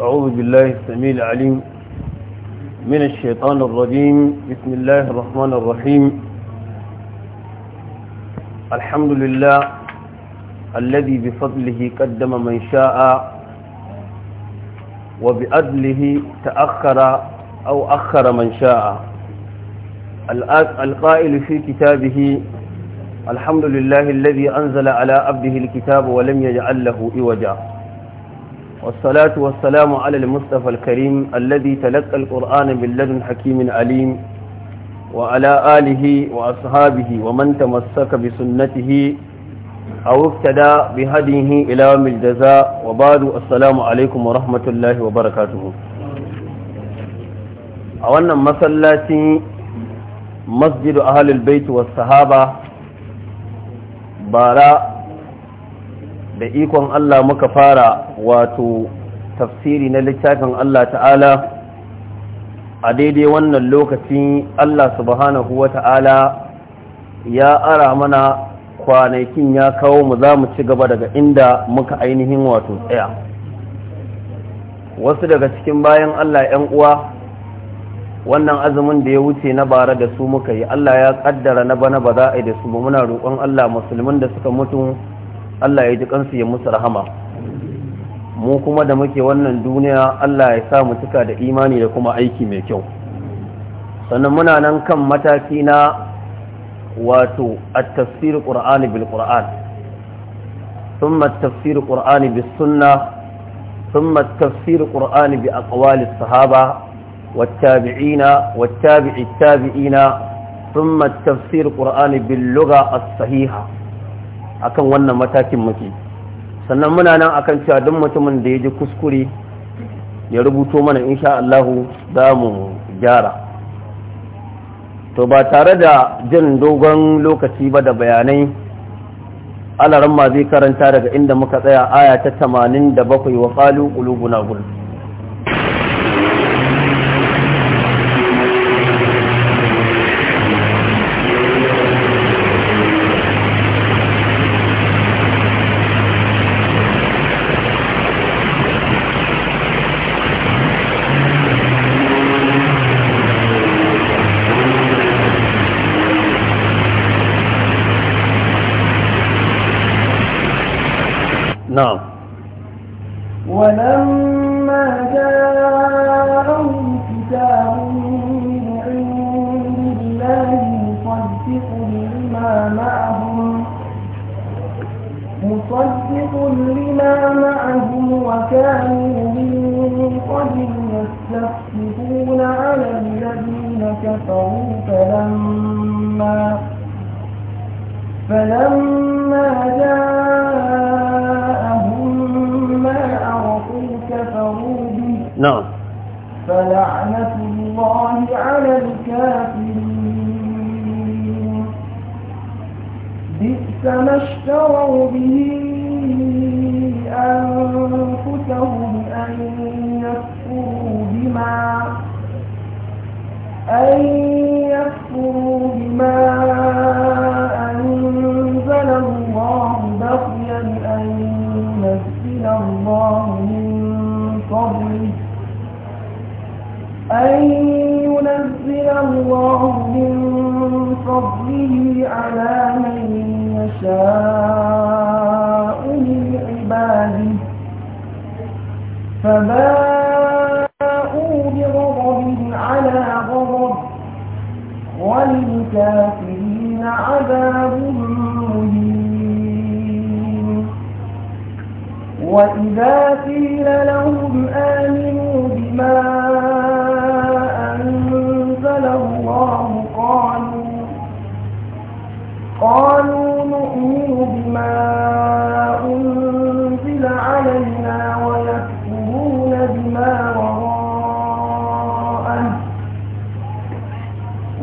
أعوذ بالله السميع العليم من الشيطان الرجيم بسم الله الرحمن الرحيم الحمد لله الذي بفضله قدم من شاء وبأدله تأخر أو أخر من شاء القائل في كتابه الحمد لله الذي أنزل على عبده الكتاب ولم يجعل له إوجا والصلاة والسلام على المصطفى الكريم الذي تلقى القرآن من لدن حكيم عليم وعلى آله وأصحابه ومن تمسك بسنته أو افتدى بهديه إلى يوم الجزاء وبعد السلام عليكم ورحمة الله وبركاته أولا مسلاتي مسجد أهل البيت والصحابة bara da ikon Allah muka fara wato tafsiri na littafin Allah ta'ala a daidai wannan lokaci Allah subhanahu wa ta'ala ya ara mana kwanakin ya kawo mu za mu ci gaba daga inda muka ainihin wato tsaya wasu daga cikin bayan Allah 'yan uwa wannan azumin da ya wuce na bara da su muka yi Allah ya kaddara na bana ba za a yi da su muna roƙon Allah musulmin da suka mutu Allah ya ji kansu ya musu rahama mu kuma da muke wannan duniya Allah ya sa mu cika da imani da kuma aiki mai kyau sannan muna nan kan mataki na wato a tafsir ƙur'ani bil qur'an thumma tafsir qur'ani bis sunnah tafsir bi aqwali sahaba والتابعين والتابع التابعين ثم التفسير القرآن باللغة الصحيحة akan wannan matakin muke sannan muna nan akan cewa duk mutumin da ya ji kuskure ya rubuto mana insha Allahu za mu gyara to ba tare da jin dogon lokaci ba da bayanai alaran ma zai karanta daga inda muka tsaya aya ta 87 wa qalu qulubuna gulf به على من يشاء من عباده فباءوا بغضب على غضب وللكافرين عذاب مهين وإذا قيل لهم آمنوا بما قالوا نؤمن بما أنزل علينا ويكفرون بما وراءه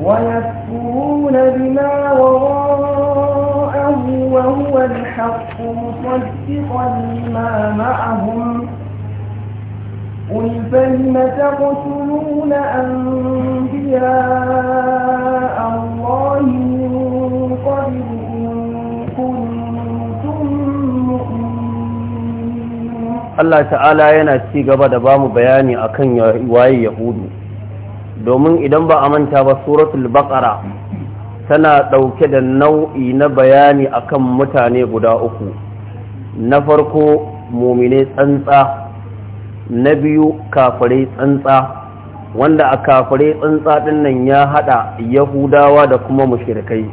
ويكفرون بما وراءه وهو الحق مصدقا لما معهم قل فلم تقتلون أنبياء الله Allah ta'ala yana ci gaba da bamu bayani akan waye yahudu domin idan ba a manta ba suratul baqara tana ɗauke da nau'i na bayani akan mutane guda uku na farko mumine tsantsa na biyu kafirai tsantsa wanda a kafirai tsantsa ɗin nan ya haɗa yahudawa da kuma mushrikai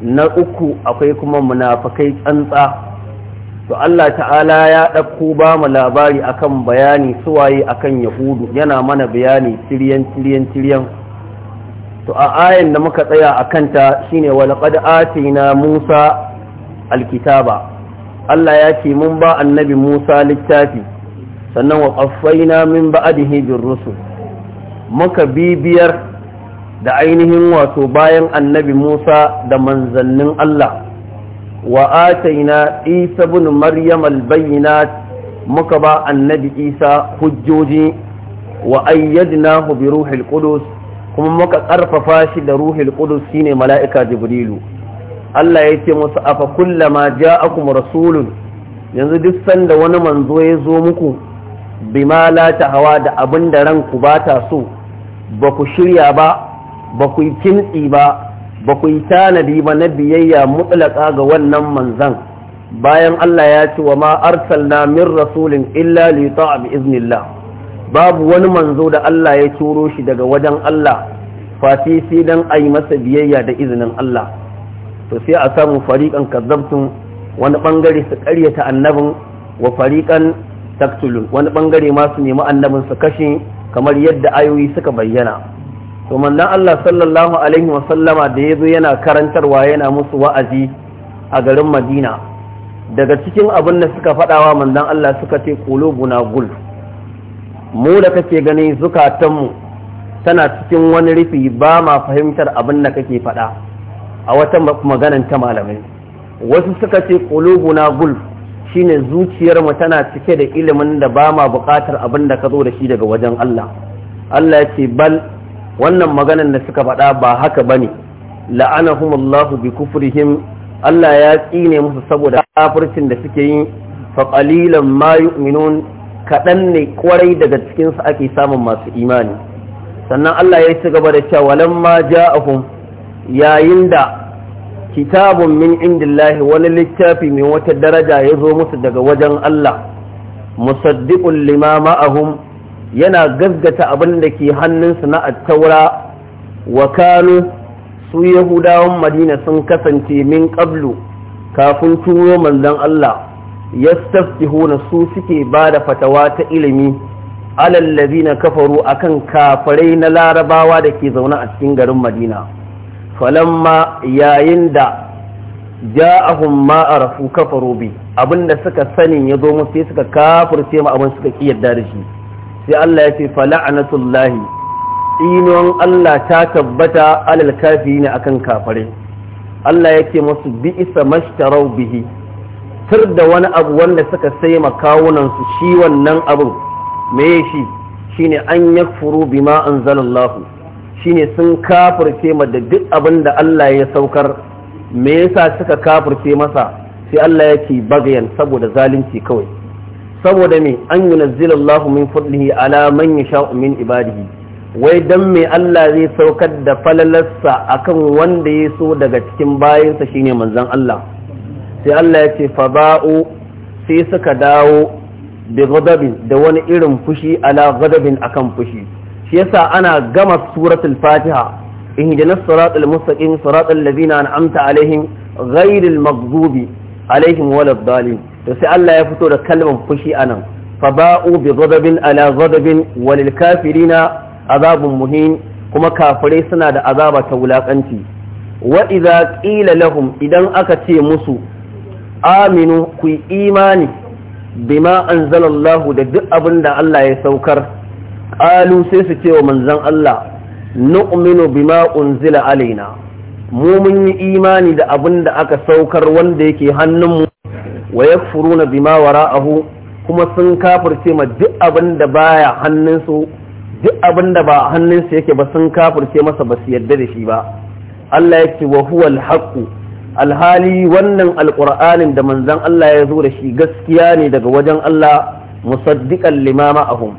na uku akwai kuma munafakai tsantsa to Allah ta'ala ya ɗauko ba mu labari akan bayani suwaye akan yahudu yana mana bayani tiriyan tiriyan tiriyan to a ayan da muka tsaya a kanta shine wa laqad atina Musa alkitaba Allah ya ce mun ba annabi Musa littafi sannan wa qaffayna min ba'dihi bir rusul muka bibiyar da ainihin wato bayan annabi Musa da manzannin Allah wa ataina isa bin maryam albayinat muka ba annabi isa hujjoji wa ayyadnahu bi ruhil qudus kuma muka karfafa shi da ruhil qudus shine mala'ika jibrilu Allah ya ce musu afa kullama ja'akum rasulun yanzu duk sanda wani manzo ya zo muku bima la hawa da abin da ranku ba ta so ba ku shirya ba ba ku yi kintsi ba ba ku yi tanadi ba na biyayya mutlaka ga wannan manzan bayan Allah ya ce wa ma arsalna min rasulin illa li ta'a bi iznillah babu wani manzo da Allah ya turo shi daga wajen Allah fati sai dan yi masa biyayya da izinin Allah to sai a samu fariqan kazzabtum wani bangare su ƙaryata annabin wa fariqan taktulun wani bangare ma su nemi annabin su kashe kamar yadda ayoyi suka bayyana to mannan Allah sallallahu alaihi wa sallama da ya zo yana karantarwa yana musu wa'azi a garin Madina daga cikin abin da suka faɗawa mannan Allah suka ce qulubuna gul mu da kake gani zukatanmu tana cikin wani rufi ba ma fahimtar abin da kake faɗa a wata maganan ta malamai wasu suka ce qulubuna gul shine zuciyarmu tana cike da ilimin da ba ma buƙatar abin da ka zo da shi daga wajen Allah Allah ya ce bal wannan maganan da suka faɗa ba haka ba ne la'anahumullahu bi kufrihim Allah ya tsine musu saboda kafircin da suke yi fa qalilan ma yu'minun kadan ne kwarai daga cikinsu ake samun masu imani sannan Allah ya ci gaba da cewa lamma ja'ahum yayin da kitabun min indillahi wani littafi mai wata daraja ya zo musu daga wajen Allah musaddiqun lima ma'ahum yana gaggata abin da ke hannunsu na attaura wa kanu su yahudawan madina sun kasance min ƙablu kafin turo manzon Allah ya yastaftihuna su suke ba da fatawa ta ilimi alallazi na kafaru akan kafarai na larabawa da ke zaune a cikin garin madina falamma yayin da ja ma arafu kafaru bi abinda suka sani ya zo musu suka kafirce ma abin suka yadda da shi sai Allah ya ce fala'anatullahi inuwan Allah ta tabbata alal kafi ne akan kafare Allah ya ce masu bi isa mashtarau bihi tur da wani abu wanda suka sai makawunansu shi wannan abu me shi shine an yakfuru bima anzalallahu shine sun kafirce ma da duk abin da Allah ya saukar me yasa suka kafirce masa sai Allah ya ce bagayan saboda zalunci kawai saboda me an yunazzilallahu min fadlihi ala man sha'umin min ibadihi wai dan me Allah zai saukar da falalarsa akan wanda ya so daga cikin bayinsa shine manzon Allah sai Allah ya ce faba'u sai suka dawo bi ghadabin da wani irin fushi ala ghadabin akan fushi shi yasa ana gama suratul fatiha ihdinas siratal mustaqim siratal ladzina an'amta alaihim ghayril maghdubi alaihim waladdallin to sai Allah ya fito da kalmar fushi anan fa ba'u bi ghadabin ala ghadabin walil kafirina azabun muhin kuma kafirai suna da azaba ta wulakanci wa idza qila lahum idan aka ce musu aminu ku imani bima anzalallahu da duk abin da Allah ya saukar qalu sai su ce wa manzon Allah nu'minu bima unzila alaina mu mun yi imani da abin da aka saukar wanda yake hannunmu wa yakfuruna bima wara'ahu kuma sun kafirce ma duk abin da baya hannunsu duk abin da ba hannunsu yake ba sun kafirce masa ba su yarda da shi ba Allah ya ce wa huwa alhaqu alhali wannan alqur'anin da manzon Allah ya zo da shi gaskiya ne daga wajen Allah musaddiqan limama ahum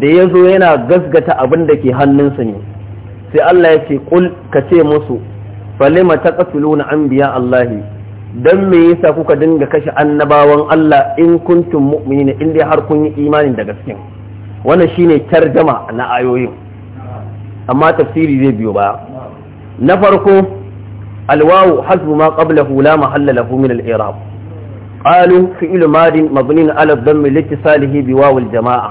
da ya zo yana gasgata abin da ke hannunsa ne sai Allah ya ce kul ka ce musu falima taqtuluna anbiya Allahi dan me yasa kuka dinga kashe annabawan Allah in kuntum mu'minina in dai har kun yi imanin da gaske wannan shine tarjama na ayoyin amma tafsiri zai biyo ba na farko alwawu hasbu ma qablahu la mahalla lahu min al-i'rab qalu fi'l mad mabni ala dhamm litisalihi bi waw al-jama'a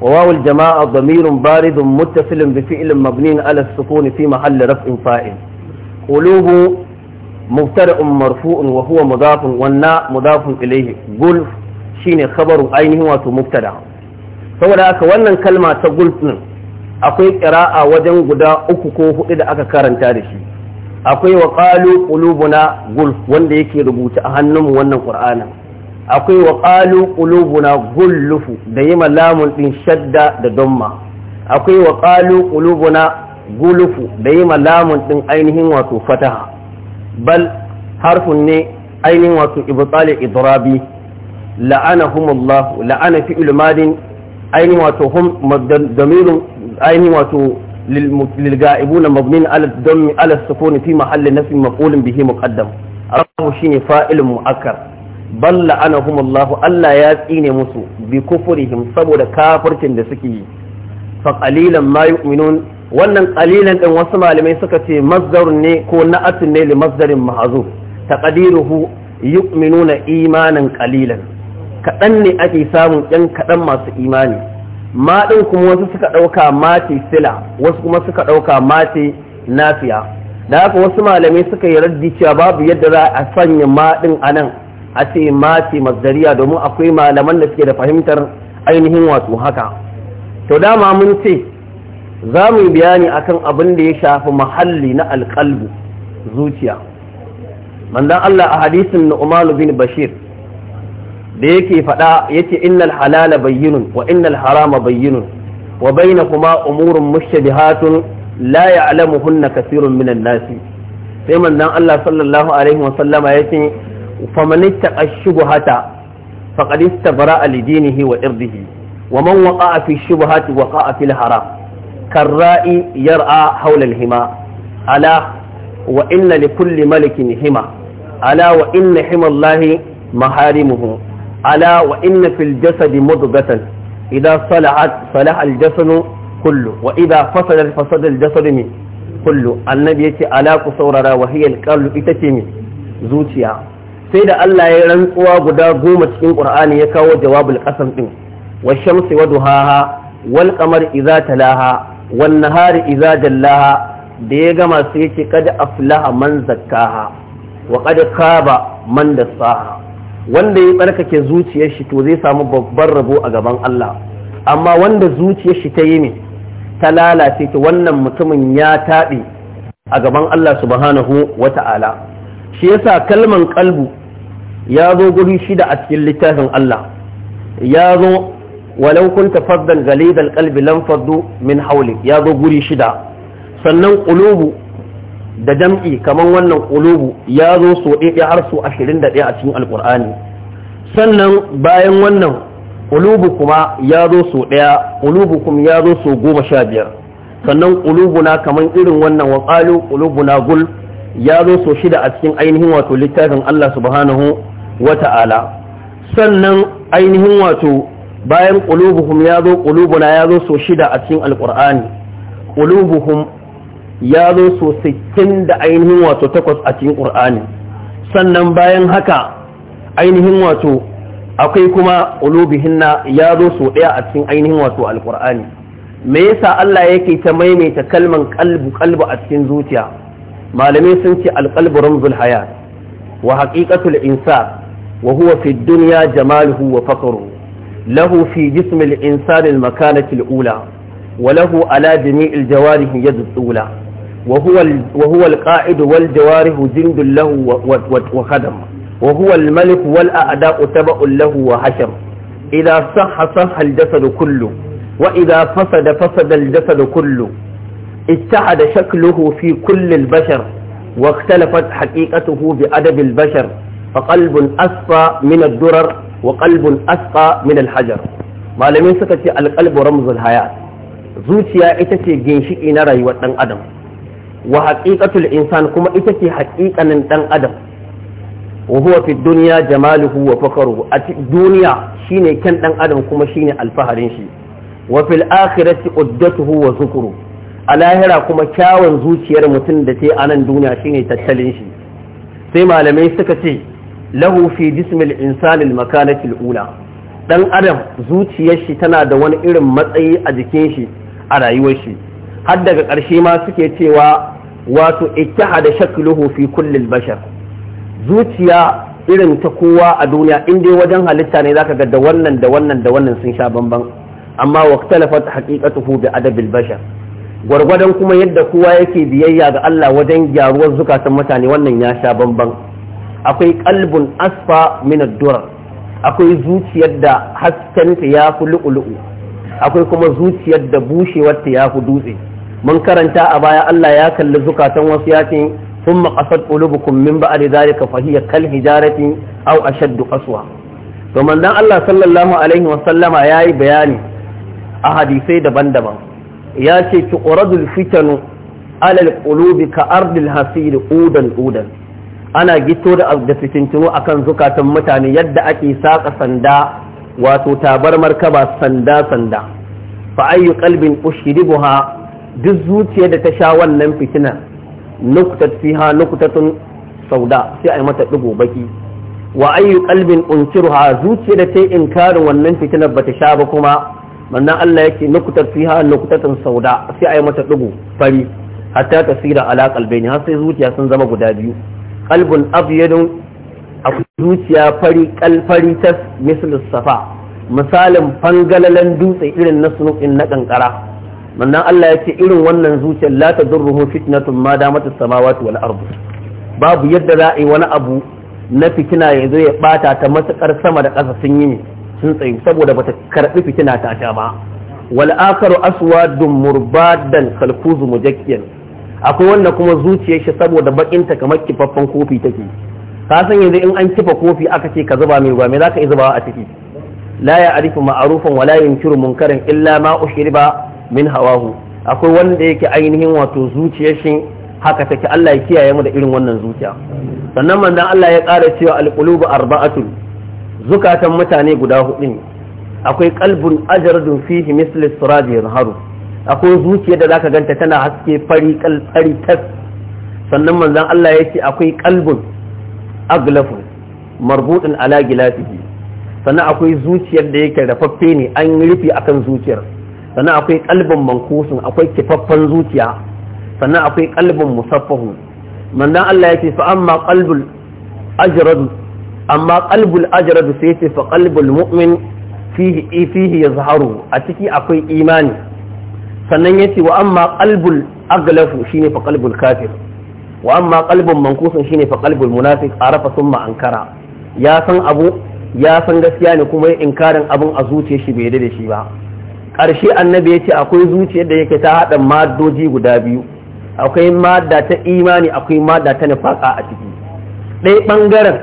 wa waw al-jama'a dhamirun baridun muttasilun bi fi'l mabnin ala as-sukun fi mahall raf'in fa'il qulubu مبتدأ مرفوع وهو مضاف والناء مضاف إليه قل شين خبر عينه واتو مبتدأ saboda haka wannan kalma ta gulf din akwai ƙira'a wajen guda uku ko hudu da aka karanta da shi akwai wa qalu qulubuna gulf wanda yake rubuta a hannunmu wannan kur'anin akwai wa qalu qulubuna gullufu da yima lamun ɗin shadda da damma akwai wa qalu qulubuna gulufu da yima lamun ɗin ainihin wato fataha bal harfun ne ainihin wato ibtali idrabi la'anahumullah la'ana fi'il madin ainihin wato hum damirun ainihin wato للغائبون مبنين على الدم على السكون في محل نفي مفعول به مقدم راه شيء فاعل مؤكر بل لعنهم الله الا ياتين مسو بكفرهم saboda kafircin da suke yi fa qalilan wannan ƙalilan ɗin wasu malamai suka ce masdarun ne ko na'atun ne li masdarin mahzuf taqdiruhu yu'minuna imanan qalilan kadan ne ake samun yan kaɗan masu imani ma din kuma wasu suka dauka mati sila wasu kuma suka dauka mati nafiya da haka wasu malamai suka yi raddi cewa babu yadda za a sanya maɗin a nan a ce mati mazdariya domin akwai malaman da suke da fahimtar ainihin wato haka to dama mun ce za mu yi bayani akan abin da ya shafi mahalli na alƙalbu zuciya Mandan Allah a hadisin Nu'man bin Bashir da yake faɗa yace innal halala bayyinun wa innal harama bayyinun wa bainakuma umurun mushtabihatun la ya'lamuhunna kathirun minan nasi sai Mandan Allah sallallahu alaihi wa sallama yace faman ittaqa shubhata faqad istabara li dinihi wa irdihi wa man waqa'a fi shubhati waqa'a fil haram karra'i yar'a haulal hima ala wa inna li kulli malikin hima ala wa inna himallahi maharimuhu ala wa inna fil jasadi mudghatan idza salahat salaha al jasadu kullu wa idza fasada fasada min kullu annabi yace ala ku saurara wa hiya ita ce min zuciya sai da Allah ya rantsuwa guda goma cikin Qur'ani ya kawo jawabul qasam din wa shamsi wa duhaha wal qamari idza talaha wan hari idza jallaha da ya gama sai yake kad aflaha man zakkaha wa kad khaba man dassaha wanda ya barkake zuciyar shi to zai samu babban rabo a gaban Allah amma wanda zuciyar shi ta yi ne ta lalace to wannan mutumin ya taɓe a gaban Allah subhanahu wata'ala shi yasa kalman kalbu ya zo guri shida a cikin littafin Allah ya zo walau kunta faddan galidal qalbi lam faddu min hawli ya zo guri shida sannan kulubu da jam'i kamar wannan kulubu ya zo so ɗaya har so 21 a cikin alqur'ani sannan bayan wannan kulubu kuma ya zo so ɗaya kulubu kuma ya zo so biyar. sannan kulubuna kaman irin wannan wa qalu gul ya zo so shida a cikin ainihin wato littafin Allah subhanahu wa ta'ala sannan ainihin wato bayan qulubuhum ya zo qulubuna ya zo so shida a cikin Alƙur'ani, qulubuhum ya zo so 60 da ainihin wato takwas a cikin qur'ani sannan bayan haka ainihin wato akwai kuma ƙulubihinna ya zo so ɗaya a cikin ainihin wato Alƙur'ani. me yasa Allah yake ta maimaita kalman qalbu qalbu a cikin zuciya malamai sun ce alqalbu ramzul hayat wa haƙiƙatul insa wa huwa fi dunya jamaluhu wa faqruhu له في جسم الإنسان المكانة الأولى وله على جميع الجوارح يد الأولى وهو, وهو القائد والجوارح جند له وخدم وهو الملك والأعداء تبع له وحشم إذا صح صح الجسد كله وإذا فسد فسد الجسد كله اتحد شكله في كل البشر واختلفت حقيقته بأدب البشر فقلب أسفى من الدرر wa qalbun asqa min al-hajar malamai suka ce al-qalbu ramzul zuciya ita ce ginshiki na rayuwar ɗan adam wa haqiqatul insan kuma ita ce haqiqanin dan adam wa huwa fi dunya jamaluhu wa fakaruhu a duniya shine kan ɗan adam kuma shine alfaharin shi wa fil akhirati uddatuhu wa zukru a lahira kuma kyawun zuciyar mutum da ta a nan duniya shine tattalin shi sai malamai suka ce lahu Dismil jismil insani makanatil ula ɗan adam zuciyar shi tana da wani irin matsayi a jikin shi a rayuwar shi har daga ƙarshe ma suke cewa wato ikkaha da shak luhufi kullil bashar zuciya irin ta kowa a duniya in dai wajen halitta ne zaka ga da wannan da wannan sun sha bamban amma waqtalafat haqiqatuhu bi adabil bashar gwargwadon kuma yadda kowa yake biyayya ga Allah wajen gyaruwar zukatan mutane wannan ya sha bamban akwai kalbun asfa min durar akwai zuciyar da haskenta ya fi lu'ulu'u akwai kuma zuciyar da bushewar ta ya fi dutse mun karanta a baya Allah ya kalli zukatan wasu yaki sun maƙasar ƙulubukun min ba a da zarika fahiyar kal hijarati au ashaddu qaswa to manzon Allah sallallahu alaihi wa sallama yayi bayani a hadisai daban-daban ya ce ki fitanu alal qulubi ka ardil hasiri udan udan ana gito da da a kan zukatan mutane yadda ake saka sanda wato tabar markaba sanda sanda fa ayyu qalbin ushribuha duk zuciyar da ta sha wannan fitina nuktat fiha nuktatun sauda sai a yi mata digo baki wa ayyu qalbin unkiruha zuciyar da ta inkarin wannan fitinar ta sha ba kuma wannan Allah yake nuktat fiha nuktatan sauda sai a yi mata digo fari hatta tasira ala qalbaini har sai zuciya sun zama guda biyu qalbun abyadun a zuciya fari kalfari tas misal safa misalin fangalalan dutse irin na sunukin na kankara mannan Allah ya ce irin wannan zuciyar la tadurruhu fitnatun ma damatus samawati wal ardu babu yadda za a yi wani abu na fitina ya zo ya bata ta matukar sama da ƙasa sun yi sun tsayi saboda bata karbi fitina ta sha ba wal akharu aswadun murbadan kalkuzu mujakkiyan akwai wanda kuma zuciyar shi saboda ta kamar kifaffen kofi take ka san yanzu in an kifa kofi aka ce ka zuba mai ruwa me zaka yi zubawa a ciki la ya arifu ma'arufan wala yunkiru munkarin illa ma ushriba min hawahu akwai wanda yake ainihin wato zuciyar shi haka take Allah ya kiyaye mu da irin wannan zuciya sannan manzon Allah ya ƙara cewa alqulubu arba'atun zukatan mutane guda hudu ne akwai qalbun ajradun fihi misli sirajin haru akwai zuciyar da zaka ganta tana haske fari kalfari tas sannan manzon Allah ya ce akwai kalbun aglafun marbudin ala gilasihi sannan akwai zuciyar da yake rafaffe ne an rufe akan zuciyar sannan akwai kalbin mankusun akwai kifaffan zuciya sannan akwai kalbin musaffahu manzon Allah ya ce fa amma qalbul ajrad amma qalbul ajrad sai ce fa qalbul mu'min fihi fihi yazharu a ciki akwai imani sannan ya ce wa amma qalbul aglafu shine fa qalbul kafir wa amma Mankusan mankusun ne fa munafik a rafa sun ma'ankara ya san abu ya san gaskiya ne kuma inkarin abin a zuciyar shi bai da shi ba ƙarshe annabi ya ce akwai zuciyar da yake ta haɗa maddoji guda biyu akwai madda ta imani akwai madda ta nifaka a ciki ɗaya ɓangaren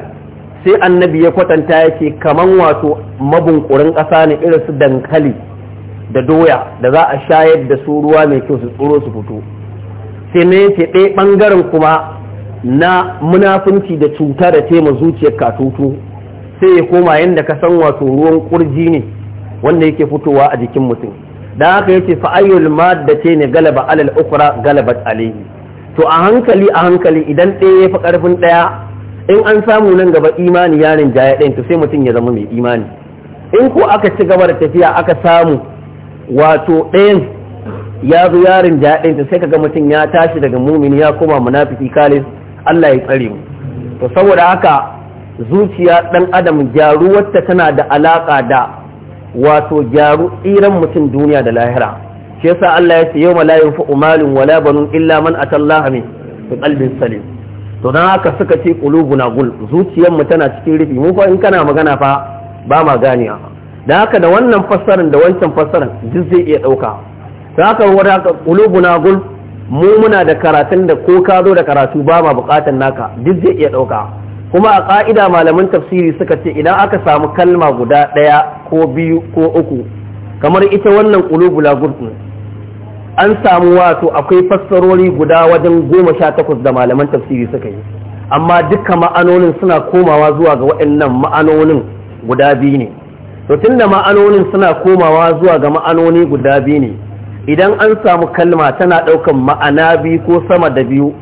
sai annabi ya kwatanta yake kaman wato mabunkurin ƙasa ne irin su dankali da doya da za a shayar da su ruwa mai kyau su tsoro su fito sai na yace ɗaya ɓangaren kuma na munafunci da cuta da tema zuciyar katutu sai ya koma yadda ka san wato ruwan kurji ne wanda yake fitowa a jikin mutum da haka yace fa ayyul madda ce ne galaba alal ukura galabat alayhi to a hankali a hankali idan ɗaya ya fi ƙarfin ɗaya in an samu nan gaba imani yarin jaya ɗayan to sai mutum ya zama mai imani in ko aka ci gaba da tafiya aka samu wato ɗayan ya zo yarin jaɗin ta sai kaga mutum ya tashi daga mumini ya koma munafiki kalis Allah ya tsare mu to saboda haka zuciya ɗan adam gyaruwarta tana da alaƙa da wato gyaru tsiran mutum duniya da lahira shi yasa Allah ya ce yau la yanfa'u malun wala banun illa man atallaha min fi qalbin salim to dan haka suka ce qulubuna gul zuciyar mu tana cikin rufi mu fa in kana magana fa ba ma ganiya da haka da wannan fassarar da wancan fassarar duk zai iya ɗauka da haka wata haka ƙulubuna gul mu muna da karatun da ko ka zo da karatu ba ma buƙatar naka duk zai iya ɗauka kuma a ƙa'ida malaman tafsiri suka ce idan aka samu kalma guda ɗaya ko biyu ko uku kamar ita wannan ƙulubula gul an samu wato akwai fassarori guda wajen goma sha takwas da malaman tafsiri suka yi amma duka ma'anonin suna komawa zuwa ga waɗannan ma'anonin guda biyu ne to tunda ma'anonin suna komawa zuwa ga ma'anoni guda biyu ne idan an samu kalma tana ɗaukan ma'ana biyu ko sama da biyu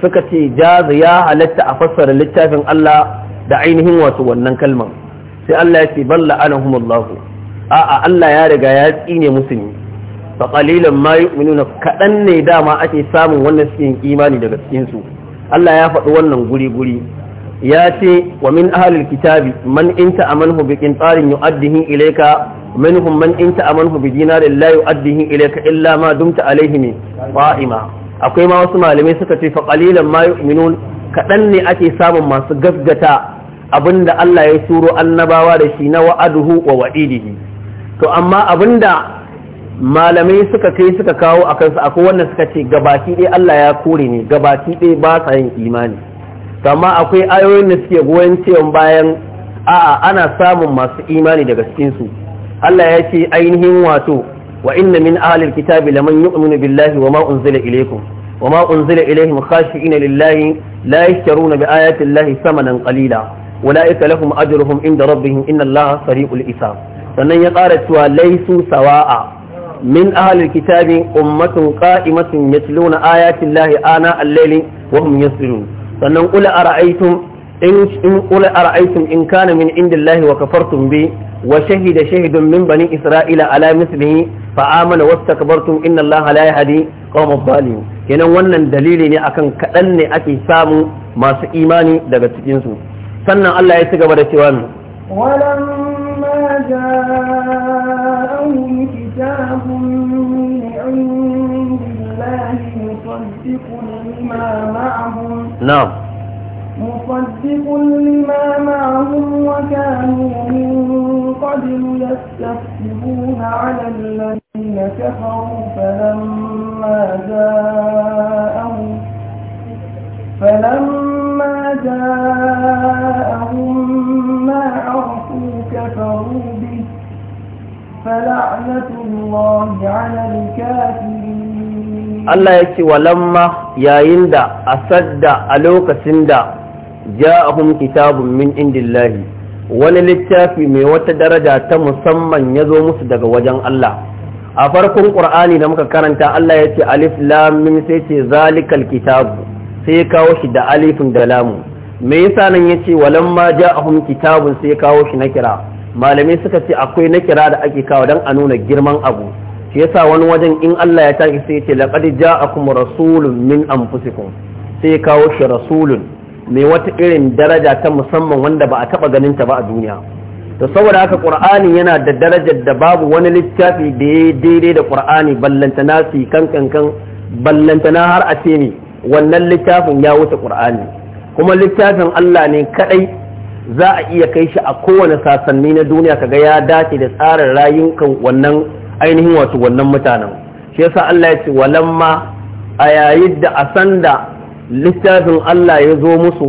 suka ce jazu ya halatta a fassara littafin Allah da ainihin wato wannan kalman sai Allah ya ce balla anahumullahu a'a Allah ya riga ya tsine musu ne fa qalilan ma yu'minuna kadan ne dama ake samun wannan cikin imani daga cikin su Allah ya faɗi wannan guri guri ya ce wa min ahalil kitabi man inta amanhu bi qintarin yu'addihi ilayka minhum man inta amanhu bi dinarin la yu'addihi ilayka illa ma dumta alayhi qa'ima akwai ma wasu malamai suka ce fa qalilan ma yu'minun kadan ne ake samun masu gaggata abinda Allah ya suro annabawa da shi na wa'aduhu wa wa'idihi to amma abinda malamai suka kai suka kawo akan su akwai wanda suka ce gabaki ɗaya Allah ya kore ne gabaki ɗaya ba sa yin imani amma akwai ayoyin da suke goyon cewa bayan a'a ana samun masu imani daga cikinsu Allah ya ce ainihin wato wa inna min ahlil kitabi laman yu'minu billahi wa ma unzila ilaykum wa ma unzila ilayhim khashi'ina lillahi la yashtaruna bi ayati llahi thamanan qalila ulaika lahum ajruhum inda rabbihim inna allaha sari'ul Isa, sannan ya ƙara cewa laisu sawa'a من أهل الكتاب أمة قائمة يتلون ana الله آناء الليل وهم يسجدون sannan qul ara'aytum in in kana min indillahi wa kafartum bi wa shahida shahidun min bani isra'ila ala mithlihi fa amana wastakbartum inna allaha la yahdi qawma zalimin kenan wannan dalili ne akan kadan ne ake samu masu imani daga cikin su sannan Allah ya ci gaba da cewa mu ولما جاءهم كتاب نعم مصدق لما معهم وكانوا من قبل يستفتحون على الذين كفروا فلما جاءهم فلما جاءهم ما عرفوا كفروا به فلعنة الله على الكافرين Allah ya ce walamma yayin da a sadda a lokacin da ja'ahum kitabun min indillahi wani littafi mai wata daraja ta musamman ya zo musu daga wajen Allah a farkon ƙur'ani da muka karanta Allah ya ce alif lamin sai ce zalikal kitabu sai ya kawo shi da alifin da lamu me yasa nan ya ce walamma ja'ahum kitabun sai ya kawo shi na kira malamai suka ce akwai na kira da ake kawo don a nuna girman abu shi yasa wani wajen in Allah ya tashi sai ce laqad ja'akum rasulun min anfusikum sai kawo shi rasulun mai wata irin daraja ta musamman wanda ba a taba ganin ta ba a duniya to saboda haka qur'ani yana da darajar da babu wani littafi da ya daidai da qur'ani ballantana fi kan kankan na har a ce ni wannan littafin ya wuce qur'ani kuma littafin Allah ne kadai za a iya kai shi a kowane sasanni na duniya kaga ya dace da tsarin rayukan wannan ainihin wato wannan mutanen shi yasa Allah ya ce walamma a yayin da a sanda littafin Allah ya zo musu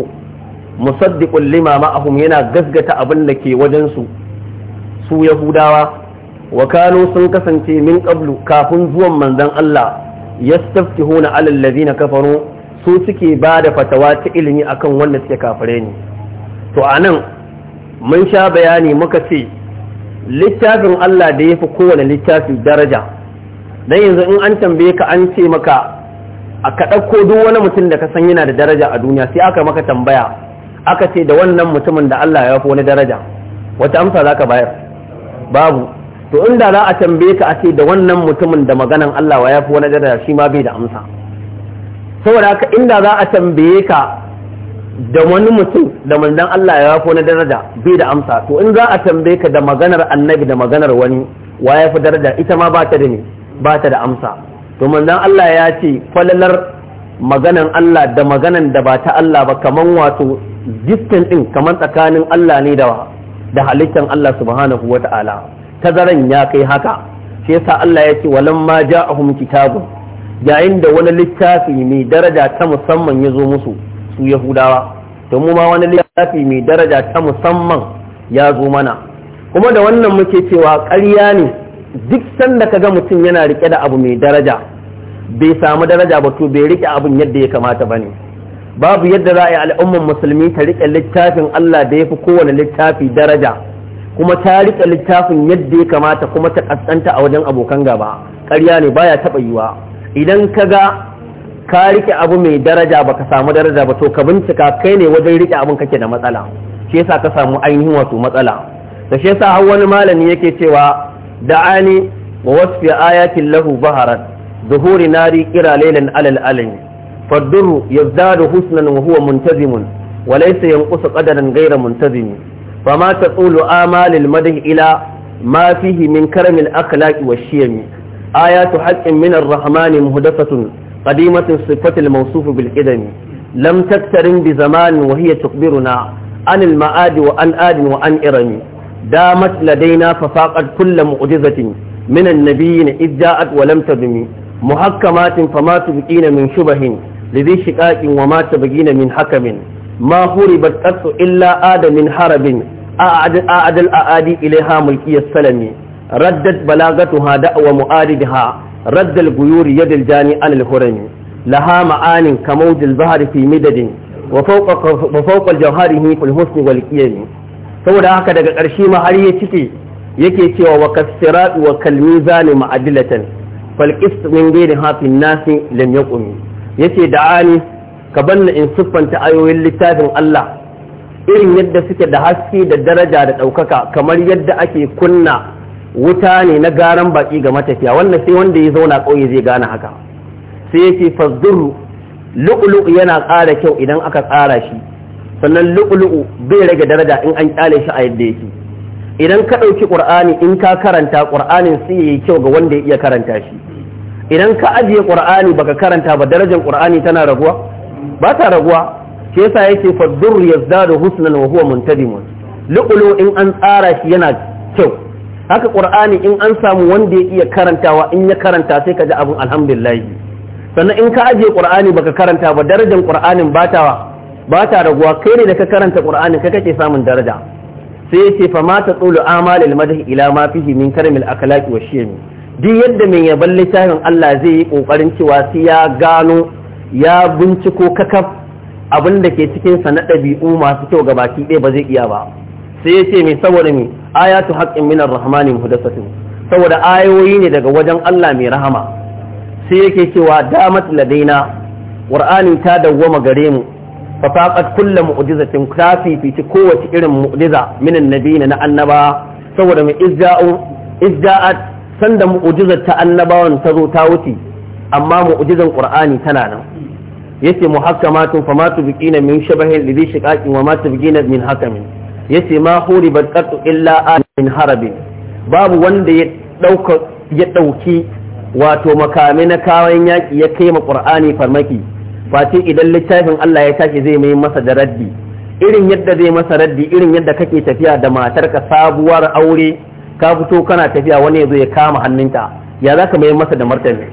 musaddiqul lima ma'ahum yana gaskata abin da ke wajen su su yahudawa wa kanu sun kasance min qablu kafin zuwan manzon Allah yastaftihuna alal ladina kafaru su suke ba da fatawa ta ilimi akan wanda suke kafare ne to anan mun sha bayani muka ce littafin Allah da ya fi kowane littafi daraja don yanzu in an tambaye ka an ce maka a ka ɗauko duk wani mutum da ka san yana da daraja a duniya sai aka maka tambaya aka ce da wannan mutumin da Allah ya fi wani daraja wata amsa za ka bayar babu to inda za a tambaye ka a ce da wannan mutumin da maganan Allah ya fi wani daraja shi ma bai da amsa saboda haka inda za a tambaye ka da wani mutum da manzon Allah ya rafo na daraja bai da amsa to in za a tambaye ka da maganar annabi da maganar wani wa ya fi daraja ita ma ba ta da ne ba ta da amsa to manzon Allah ya ce falalar maganan Allah da maganan da ba ta Allah ba kaman wato distance din kaman tsakanin Allah ne da da halittan Allah subhanahu wata'ala tazaran ya kai haka shi yasa Allah ya ce ma ja'ahum kitabun yayin da wani littafi mai daraja ta musamman ya zo musu su yahudawa to mu ma wani littafi mai daraja ta musamman ya zo mana kuma da wannan muke cewa ƙarya ne duk sanda ka ga mutum yana rike da abu mai daraja bai samu daraja ba to bai rike abin yadda ya kamata bane babu yadda za a yi al'ummar musulmi ta rike littafin Allah da ya fi kowane littafi daraja kuma ta rike littafin yadda ya kamata kuma ta kasanta a wajen abokan gaba ƙarya ne baya taɓa yiwa idan ka ga. ka rike abu mai daraja baka samu daraja ba to ka bincika kai ne wajen rike abin kake da matsala shi yasa ka samu ainihin wato matsala da shi yasa har wani malami yake cewa da'ani wa wasfi ayatin lahu baharat zuhuri nari kira lailan alal alani faddur yazdadu husnan wa huwa muntazimun wa laysa yanqusu qadaran ghayra muntazim fama tatulu amalil madh ila ma fihi min karamil akhlaqi wash shiyami ayatu haqqin min ar-rahmani muhdathatun قديمة الصفة الموصوف بالقدم لم تكترن بزمان وهي تخبرنا عن المآد وعن آد وعن إرم دامت لدينا ففاقت كل معجزة من النبيين إذ جاءت ولم تدم محكمات فما تبقين من شبه لذي شقاق وما تبقين من حكم ما خربت قط إلا آد من حرب أعد, أعد الأعادي إليها ملكي السلم ردت بلاغتها دعوة مؤاردها raddal guyuri yadil jani anil hurami laha ma'anin kamaudil bahari fi midadin wa fawqa al-jawharihi fil husni saboda haka daga ƙarshe ma har ya cike yake cewa wa kasiratu wa kalmizani ma'adilatan fal qist min ghairi hafin nasi lam yaqum yace ani, ka banna in siffanta ayoyin littafin Allah irin yadda suke da haske da daraja da ɗaukaka kamar yadda ake kunna wuta ne na garan baki ga matafiya wannan sai wanda ya zauna ƙauye zai gane haka sai yake fazduru lu'lu'u yana ƙara kyau idan aka tsara shi sannan lu'lu'u bai rage daraja in an kyale shi a yadda yake idan ka ɗauki ƙur'ani in ka karanta qur'ani sai yayi kyau ga wanda ya iya karanta shi idan ka ajiye ƙur'ani baka karanta ba darajar ƙur'ani tana raguwa ba ta raguwa shi yasa yake fadur yazdadu husnan wa huwa muntadimun lu'lu in an tsara shi yana kyau haka qur'ani in an samu wanda ya iya karantawa in ya karanta sai ka ji abin alhamdulillah sannan in ka ajiye qur'ani baka karanta ba darajar qur'anin bata ba ta raguwa kai ne da ka karanta qur'anin ka kake samun daraja sai yace fa ma ta tsulu amalil madh ila ma fihi min karamil akhlaqi wa shiyami duk yadda mai balle littafin Allah zai yi kokarin cewa sai ya gano ya binciko kakaf abin da ke cikin sa na ɗabi'u masu kyau ga baki ɗaya ba zai iya ba sai yace me saboda me ayatu haqqin minar rahmani muhdathatu saboda ayoyi ne daga wajen Allah mai rahama sai yake cewa damat ladaina qur'ani ta dawwama gare mu fa faqat kullu mu'jizatin kafi fi kowace irin mu'jiza minan nabiyina na annaba saboda mai izja'u izja'at sanda mu'ujiza ta annabawan ta zo ta wuce amma mu'jizan qur'ani tana nan yace muhakkamatun ma biqina min shabahi lidhi shiqaqin wa ma tubqina min hakamin yace ma huri qatu illa min harabin babu wanda ya ɗauki wato makami na kawon yaki ya kai ma qur'ani farmaki face idan littafin Allah ya tashi zai mai masa da raddi irin yadda zai masa raddi irin yadda kake tafiya da matarka sabuwar aure ka fito kana tafiya wani ya zo ya kama hannunta ya zaka mai masa da martani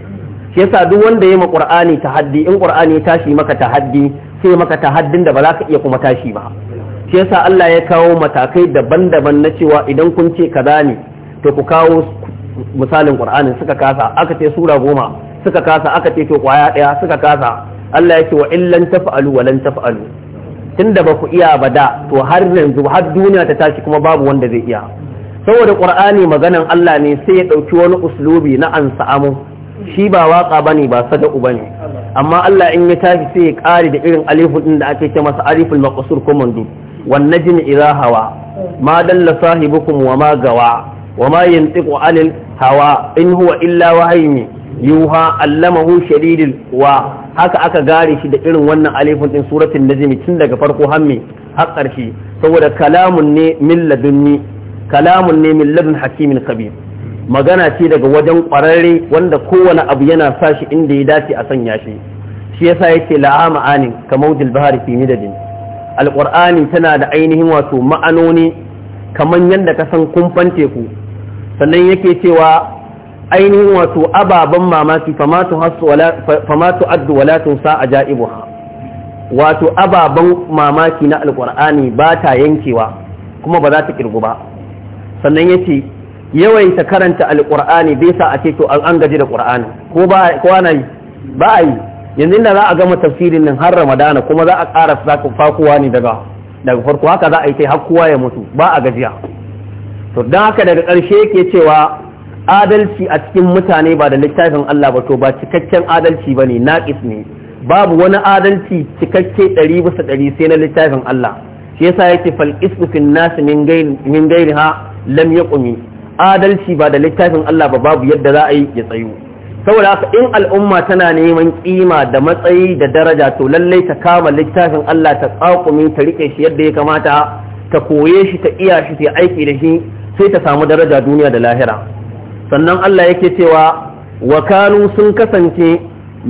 shi yasa duk wanda ya ma qur'ani tahaddi in qur'ani tashi maka tahaddi sai maka tahaddin da ba za ka iya kuma tashi ba shi yasa Allah ya kawo matakai daban-daban na cewa idan kun ce kaza ne to ku kawo misalin Qur'ani suka kasa aka ce sura goma suka kasa aka ce to kwaya daya suka kasa Allah ya ce wa illan taf'alu wa lan taf'alu tunda ba ku iya ba da to har yanzu har duniya ta tashi kuma babu wanda zai iya saboda Qur'ani maganan Allah ne sai ya dauki wani uslubi na ansa'amu, shi ba waka bane ba sada'u bane amma Allah in ya tashi sai ya kare da irin alifun din da ake ce masa aliful maqsur ko mandub wan najm idha hawa ma dalla sahibukum wa gawa wa ma yantiqu anil hawa in huwa illa wahyi yuha allamahu haka aka gare shi da irin wannan alifin din suratul najm tun daga farko hammi har ƙarshe saboda kalamun ne min ladunni kalamun ne min ladun hakimin kabir magana ce daga wajen ƙwararre wanda kowane abu yana sa shi inda ya dace a sanya shi shi yasa yake la'a ma'anin kamar jilbahar fi midadin alƙur'ani tana da ainihin wato ma'anoni kamar yadda ka san kumfan teku sannan yake cewa ainihin wato ababen mamaki famatu addu wala sa a ja'ibuha wato ababen mamaki na alƙur'ani ba ta yankewa kuma ba za ta kirgu ba sannan ya ce yawaita karanta alƙur'ani bai sa a ce to an gaji da ƙur'ani ko ba a yi yanzu da za a gama tafsirin nan har ramadana kuma za a ƙara saka fakuwa ne daga daga farko haka za a yi kai har kowa ya mutu ba a gajiya to don haka daga ƙarshe yake cewa adalci a cikin mutane ba da littafin Allah ba to ba cikakken adalci ba ne naƙis ne babu wani adalci cikakke ɗari bisa ɗari sai na littafin Allah shi yasa ce fal ismu fin nasu min gairi ha lam yaqumi adalci ba da littafin Allah ba babu yadda za a yi ya tsayu saboda haka in al'umma tana neman kima da matsayi da daraja to lallai ta kama littafin Allah ta tsakumi ta rike shi yadda ya kamata ta koye shi ta iya shi ta aiki da shi sai ta samu daraja duniya da lahira sannan Allah yake cewa wa kanu sun kasance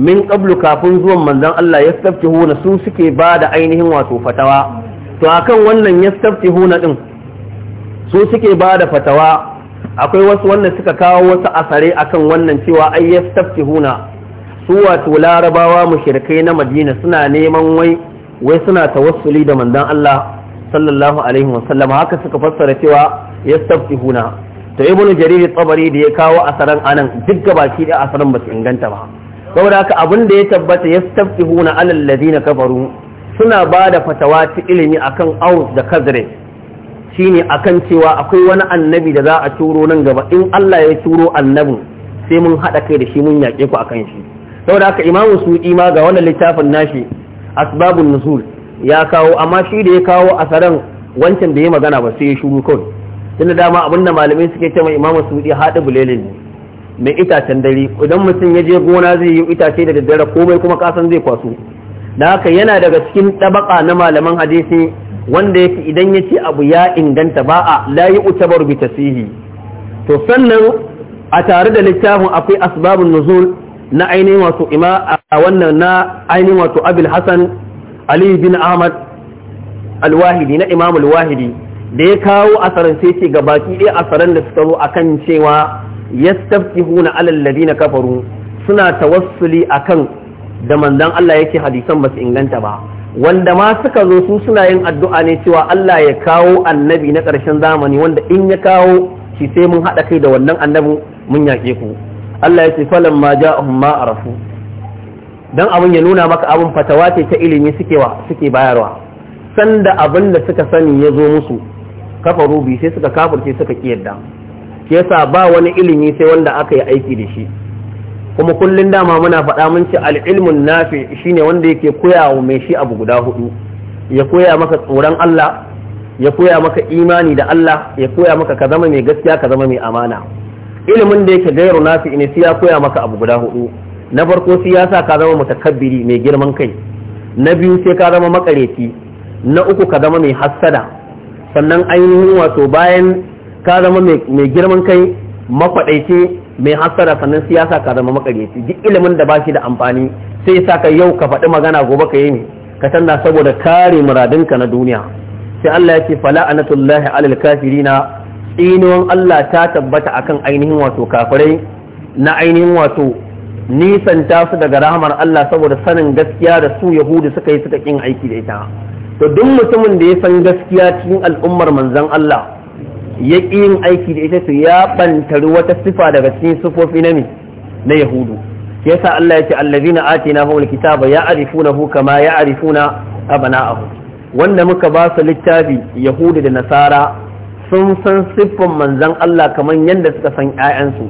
min qablu kafin zuwan manzon Allah yastaftihuna su suke ba da ainihin wato fatawa to akan wannan yastaftihuna din su suke ba da fatawa akwai wasu wanda suka kawo wasu asare akan wannan cewa ai huna. su wato larabawa mushrikai na madina suna neman wai wai suna tawassuli da manzon Allah sallallahu alaihi wasallam haka suka fassara cewa huna. to ibn jarir tabari da ya kawo asaran anan duk gabaki da asaran ba su inganta ba saboda haka abin da ya tabbata yastaftihuna alal ladina kafaru suna ba da fatawa ta ilimi akan aus da kazre shine akan cewa akwai wani annabi da za a turo nan gaba in Allah ya turo annabin sai mun haɗa kai da shi mun yaƙe ku akan shi saboda haka imamu suɗi ma ga wannan littafin nashi asbabun nuzul ya kawo amma shi da ya kawo asaran wancan da ya magana ba sai ya shuru kawai tunda dama abin da malamai suke ce mai imamu suɗi haɗa bulelin ne mai itacen dare idan mutum ya je gona zai yi itace da daddare komai kuma kasan zai kwaso da haka yana daga cikin tabaka na malaman hadisi wanda yake idan ya ce abu ya inganta ba a layi utabar bi tasihi to sannan a tare da littafin akwai asbabun nuzul na ainihin wato ima a wannan na ainihin wato abil hasan ali bin ahmad alwahidi na imam alwahidi da ya kawo asarin sai ce gabaki ɗaya asaran da suka zo akan cewa yastafihuna alal ladina kafaru suna tawassuli akan da manzon Allah yake hadisan basu inganta ba wanda ma suka zo su suna yin addu'a ne cewa Allah ya kawo annabi na ƙarshen zamani wanda in ya kawo shi sai mun haɗa kai da wannan annabin mun yaƙe ku Allah ya ce falan ma ja'ahum ma arafu dan abin ya nuna maka abin fatawa ce ta ilimi suke wa suke bayarwa sanda abin da suka sani ya zo musu kafaru rubi sai suka kafirce suka kiyarda shi yasa ba wani ilimi sai wanda aka yi aiki da shi kuma kullun dama muna faɗa mun ce al'ilmun nafi shine wanda yake koya wa mai shi abu guda hudu ya koya maka tsoron Allah ya koya maka imani da Allah ya koya maka ka zama mai gaskiya ka zama mai amana ilimin da yake gairu nafi ne sai ya koya maka abu guda hudu na farko sai ya sa ka zama mutakabbiri mai girman kai na biyu sai ka zama makareci na uku ka zama mai hassada sannan ainihin wato bayan ka zama mai girman kai makwaɗaice mai hasara sannan siyasa ka zama makaryaci duk ilimin da ba da amfani sai sa ka yau ka faɗi magana gobe ka yi ne ka canza saboda kare muradinka na duniya sai Allah ya ce fala anatullahi alal kafirina tsinuwan Allah ta tabbata akan ainihin wato kafirai na ainihin wato nisan ta su daga rahamar Allah saboda sanin gaskiya da su Yahudu suka yi suka kin aiki da ita to duk mutumin da ya san gaskiya cikin al'ummar manzon Allah ya yin aiki da ita su ya bantari wata sifa daga cikin sifofi na mi na yahudu yasa Allah ya ce allazina atina hum alkitaba ya'rifunahu kama a abna'ahum wanda muka ba su littafi yahudu da nasara sun san siffan manzon Allah kamar yanda suka san ƴaƴansu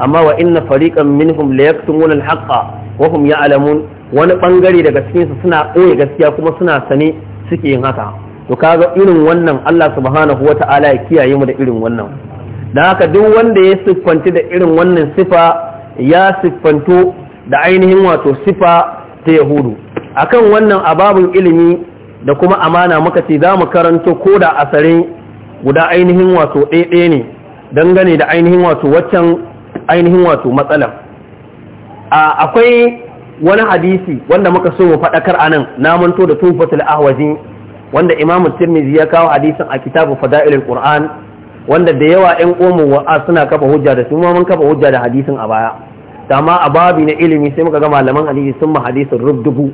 amma wa inna fariqan minhum la yaktumuna alhaqa wa hum ya'lamun wani bangare daga cikin su suna ɓoye gaskiya kuma suna sane suke yin haka to kaga irin wannan Allah subhanahu wata'ala ya kiyaye mu da irin wannan dan haka duk wanda ya siffanci da irin wannan sifa ya siffanto da ainihin wato sifa ta yahudu akan wannan ababun ilimi da kuma amana muka ce za mu karanto ko da asarin guda ainihin wato ɗaya ne dangane da ainihin wato waccan ainihin wato matsalar akwai wani hadisi wanda muka so mu faɗakar a nan na manto da tufatul ahwazi wanda imamu tirmidhi ya kawo hadisin a kitabu fada'ilul qur'an wanda da yawa ƴan umu wa suna kafa hujja da su mun kafa hujja da hadisin a baya dama a babi na ilimi sai muka ga malaman hadisi sun ma hadisin rubdubu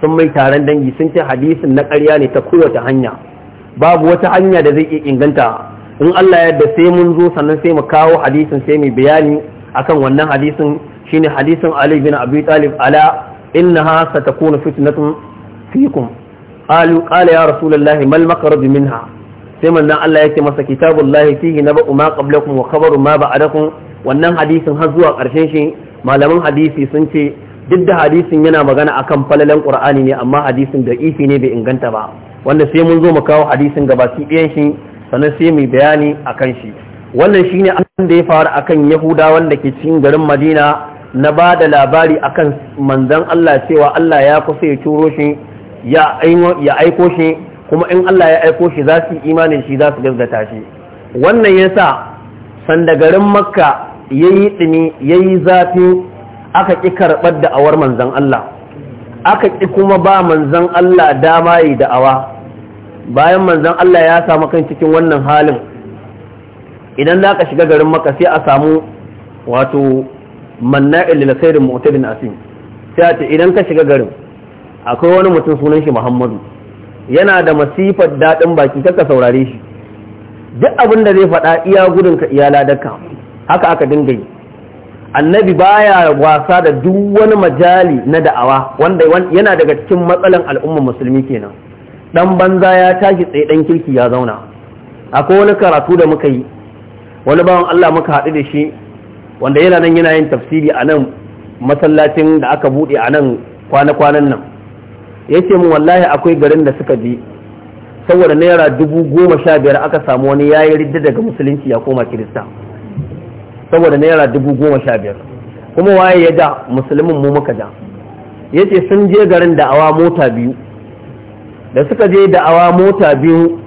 sun mai taron dangi sun ce hadisin na ƙarya ne ta kowace hanya babu wata hanya da zai iya inganta in Allah ya yarda sai mun zo sannan sai mu kawo hadisin sai mu bayani akan wannan hadisin shine hadisin Ali bin Abi Talib ala innaha satakunu fitnatun fikum qalu qala ya rasulullahi mal maqrab minha sai manzon Allah yake masa kitabullahi fihi nabu ma qablakum wa khabaru ma ba'dakum wannan hadisin har zuwa ƙarshen shi malaman hadisi sun ce duk da hadisin yana magana akan falalan qur'ani ne amma hadisin da ifi ne bai inganta ba wanda sai mun zo mu kawo hadisin gabaki ɗayan shi sannan sai mu bayani akan shi wannan shine an da ya faru akan yahuda wanda ke cikin garin madina na ba da labari akan manzon Allah cewa Allah ya kusa ya turo shi ya aiko shi kuma in Allah ya aiko shi za su imanin shi za su gaggata shi wannan ya sa sandagarin makka ya yi ɗini ya yi zafi aka ƙi karɓar da awar manzan Allah aka ƙi kuma ba manzan Allah dama yi awa bayan manzan Allah ya samu kan cikin wannan halin idan za ka shiga garin makka sai a samu wato manna'il lil khairin mu'tadin asim sai a ce idan ka shiga garin akwai wani mutum sunan shi muhammadu yana da masifar daɗin baki kaka saurare shi duk abin da zai faɗa iya gudun ka iya ladarka haka aka dinga yi annabi baya wasa da duk wani majali na da'awa wanda yana daga cikin matsalan al'ummar musulmi kenan dan banza ya tashi tsaye dan kirki ya zauna akwai wani karatu da muka yi wani bawan Allah muka haɗu da shi wanda yana nan yana yin tafsiri a nan masallacin da aka buɗe a nan kwana-kwanan nan yake mu wallahi akwai garin da suka je saboda naira dubu goma sha biyar aka samu wani ya yi ridda daga musulunci ya koma kirista saboda naira dubu goma sha biyar kuma waye ya da musulmin mu muka da yace sun je garin awa mota biyu da suka je da awa mota biyu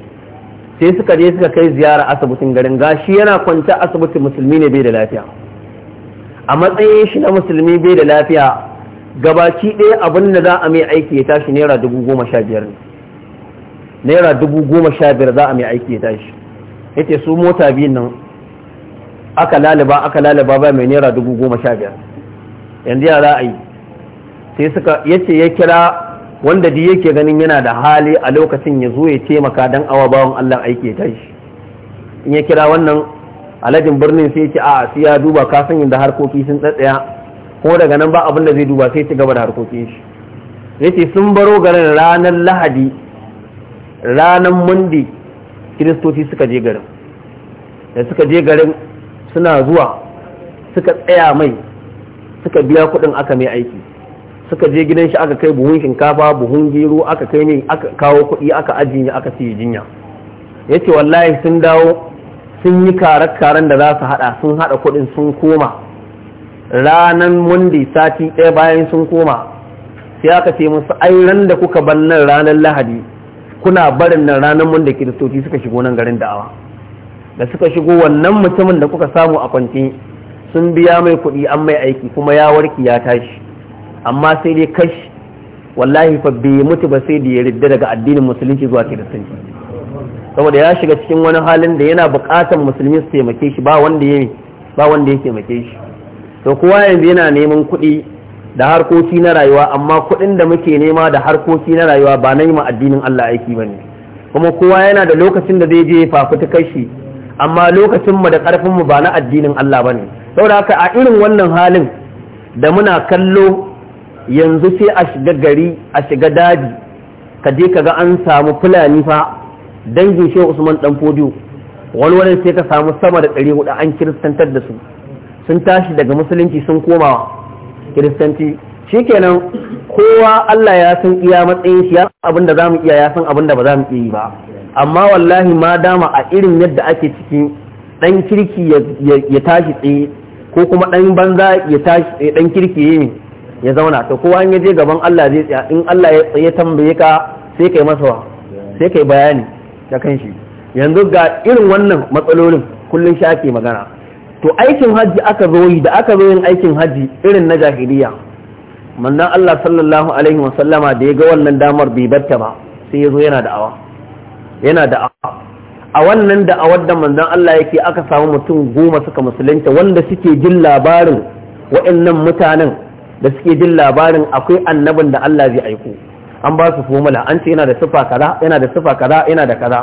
sai suka je suka kai ziyara asibitin garin gashi yana kwanta asibitin musulmi ne bai da lafiya a matsayin shi na musulmi bai da lafiya gabaci ɗaya abin da za a mai aiki ya tashi naira dubu goma sha biyar ne naira dubu goma sha biyar za a mai aiki ya tashi ce su mota biyun nan aka laliba aka laliba ba mai naira dubu goma sha biyar yanzu ya za a yi sai suka ce ya kira wanda da yake ganin yana da hali a lokacin ya zo ya taimaka don awa bawan Allah aiki ya tashi in ya kira wannan alajin birnin sai ya ce a sai ya duba ka san yadda harkoki sun tsatsaya ko daga nan ba abin da zai duba sai ci gaba da harkokin shi yace sun baro garin ranar lahadi ranar mundi kiristoci suka je garin da suka je garin suna zuwa suka tsaya mai suka biya kudin aka mai aiki suka je gidan shi aka kai buhun shinkafa buhun gero aka kai ne aka kawo kuɗi aka ajiye aka siye jinya yace wallahi sun dawo sun yi karar karen da za su hada sun hada kuɗin sun koma ranan mundi sati ɗaya bayan sun koma sai aka ce musu ai ran da kuka bar nan ranar lahadi kuna barin nan ranar mundi kiristoci suka shigo nan garin da'awa da suka shigo wannan mutumin da kuka samu a kwanci sun biya mai kuɗi an mai aiki kuma ya warki ya tashi amma sai dai kashi wallahi fa bai mutu ba sai da ya ridda daga addinin musulunci zuwa kiristanci saboda ya shiga cikin wani halin da yana buƙatar musulmi su taimake shi ba wanda ya ba wanda ya taimake shi to kowa yanzu yana neman kuɗi da harkoki na rayuwa amma kuɗin da muke nema da harkoki na rayuwa ba na yi ma addinin Allah aiki ba ne kuma kowa yana da lokacin da zai je fafuta shi amma lokacin mu da ƙarfinmu mu ba na addinin Allah ba ne saboda haka a irin wannan halin da muna kallo yanzu sai a shiga gari a shiga daji ka je ka ga an samu fulani fa dangin shehu usman dan fodiyo wani wani sai ka samu sama da hudu an kiristantar da su sun tashi daga musulunci sun koma kiristanci shi kenan kowa Allah ya san iya matsayin shi ya abin da za mu iya ya san abin da ba za mu iya yi ba amma wallahi ma dama a irin yadda ake cikin dan kirki ya tashi tsaye ko kuma dan banza ya tashi tsaye dan kirki ne ya zauna to kowa in je gaban Allah zai tsaya in Allah ya tsaye tambaye ka sai kai masa sai kai bayani ta kan shi yanzu ga irin wannan matsalolin kullum shi ake magana to aikin hajji aka zo yi da aka zo yin aikin hajji irin na jahiliya mannan Allah sallallahu alaihi wa sallama da ya ga wannan damar bai batta ba sai ya zo yana da'awa yana da'awa a wannan da'awar da mannan Allah yake aka samu mutum goma suka musulunta wanda suke jin labarin waɗannan mutanen da suke jin labarin akwai annabin da Allah zai aiko an ba su fomula an ce yana da sufa kaza yana da sufa kaza yana da kaza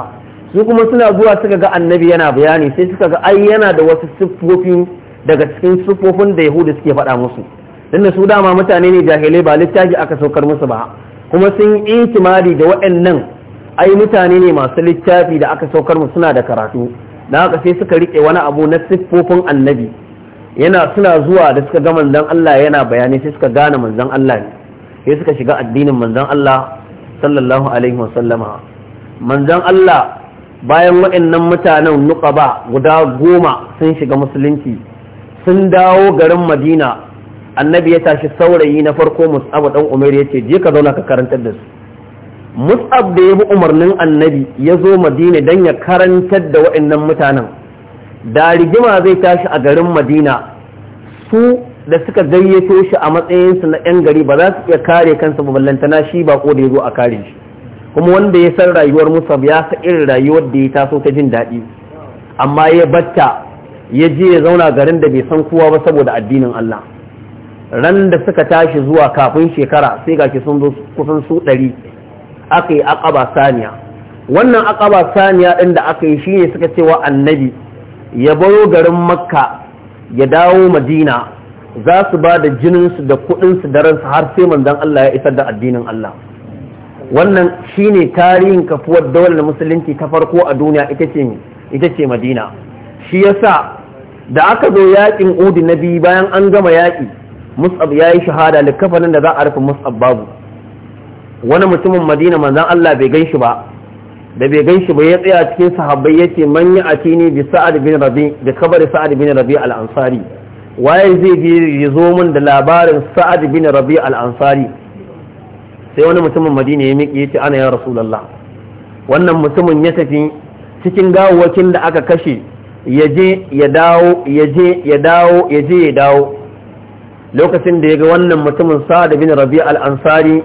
su kuma suna zuwa suka ga annabi yana bayani sai suka ga ai yana da wasu siffofi daga cikin siffofin da yahuda suke faɗa musu da su dama mutane ne jahilai ba littafi aka saukar musu ba kuma sun itimadi da waɗannan ai mutane ne masu littafi da aka saukar musu suna da karatu da haka sai suka riƙe wani abu na siffofin annabi yana suna zuwa da suka ga manzon Allah yana bayani sai suka gane manzon Allah ne sai suka shiga addinin manzon Allah sallallahu alaihi wasallama manzon Allah bayan waɗannan mutanen nuqaba guda goma sun shiga musulunci sun dawo garin madina annabi ya tashi saurayi na farko mus'ab dan umar yace je ka zauna ka karantar da su mus'ab da ya bi umarnin annabi ya zo madina dan ya karantar da waɗannan mutanen da rigima zai tashi a garin madina su da suka gayyato shi a matsayinsu na 'yan gari ba za su iya kare kansu ba ballantana shi ba ko da ya zo a kare shi kuma wanda ya san rayuwar musab ya sa irin rayuwar da ya taso ta jin daɗi amma ya batta ya je ya zauna garin da bai san kowa ba saboda addinin Allah ran da suka tashi zuwa kafin shekara sai ga sun zo kusan su ɗari aka yi akaba saniya wannan akaba saniya ɗin da aka yi shine suka ce wa annabi ya baro garin makka ya dawo madina za su ba da jininsu da kuɗinsu da ransu har sai manzon Allah ya isar da addinin Allah wannan shine tarihin kafuwar daular musulunci ta farko a duniya ita ce madina shi yasa da aka zo yakin udi na biyu bayan an gama yaƙi, mus'ab ya yi shahada likafanin da za a rufe mus'ab babu wani mutumin madina manzan allah bai gan shi ba da bai gan shi ba ya tsaya cikin sahabbai yace manya a atini bi sa'ad bin rabi da kabari sa'ad bin rabi al-ansari waye zai je ya zo min da labarin sa'ad bin rabi al-ansari sai wani mutumin madina ya miƙe ce ana ya rasulallah wannan mutumin ya tafi cikin gawawakin da aka kashe ya je ya dawo ya je ya dawo ya je ya dawo lokacin da ya ga wannan mutumin sa'ad bin rabi al-ansari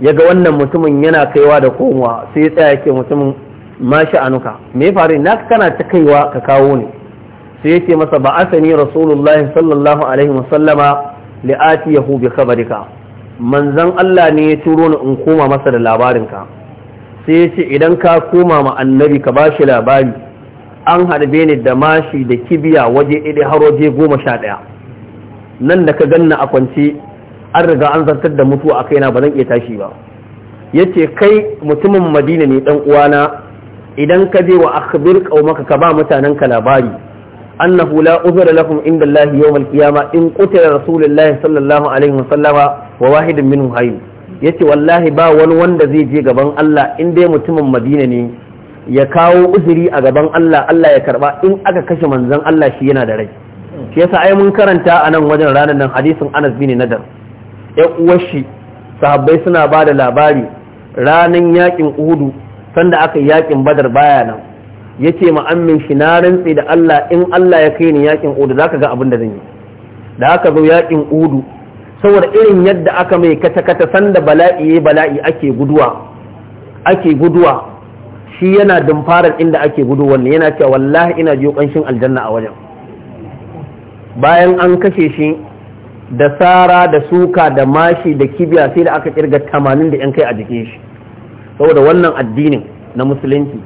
ya ga wannan mutumin yana kaiwa da komowa sai ya tsaya yake mutumin ma sha'anuka me ya faru na kana ta kaiwa ka kawo ne sai yake masa ba asani rasulullahi sallallahu alaihi wasallama li'atiyahu bi khabarika manzan Allah ne ya turo ni in koma masa da labarinka sai ya ce idan ka koma ma annabi ka ba shi labari an harbe ni da mashi da kibiya waje ɗaya har waje goma sha ɗaya nan da ka ganna a kwance an riga an zartar da mutuwa a kaina ba zan iya tashi ba ya ce kai mutumin madina ne ɗan uwana idan ka je wa akhbir qaumaka ka ba mutanen ka labari annahu la uzra lakum inda allahi yawm al-qiyama in qutila rasulullahi sallallahu alaihi wa sallama wa wahidin minhum hayy yace wallahi ba wani wanda zai je gaban Allah in dai mutumin Madina ne ya kawo uzuri a gaban Allah Allah ya karba in aka kashe manzon Allah shi yana da rai shi yasa ai mun karanta a nan wajen ranar nan hadisin Anas bin Nadar ya uwar shi sahabbai suna ba da labari ranan yakin Uhudu sanda aka yakin Badar baya nan yace mu ammin shi na rantsi da Allah in Allah ya kai ni yakin Uhudu zaka ga abin da zan yi da aka zo yakin Uhudu saboda irin yadda aka mai kata-kata sanda bala'i ya bala'i ake guduwa ake guduwa shi yana dumfarar inda ake gudu wannan yana cewa wallahi ina jiyo kanshin aljanna a wajen bayan an kashe shi da sara da suka da mashi da kibiya sai da aka kirga tamanin da yan kai a jikin shi saboda wannan addinin na musulunci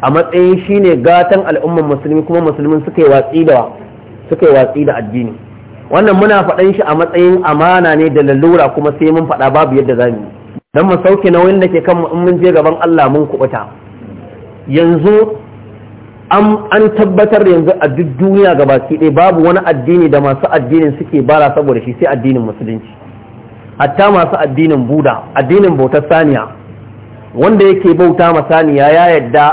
a matsayin shine gatan al'umman musulmi kuma musulmin suka yi watsi da suka yi watsi da addinin. wannan muna faɗan shi a matsayin amana ne da lalura kuma sai mun faɗa babu yadda za mu yi. don mu sauke nauyin da ke kan in mun je gaban Allah mun kubuta yanzu an tabbatar yanzu a duk duniya gabaki ɗaya babu wani addini da masu addinin suke bara saboda shi sai addinin musulunci hatta masu addinin buda addinin bautar saniya wanda yake bauta ma saniya ya yadda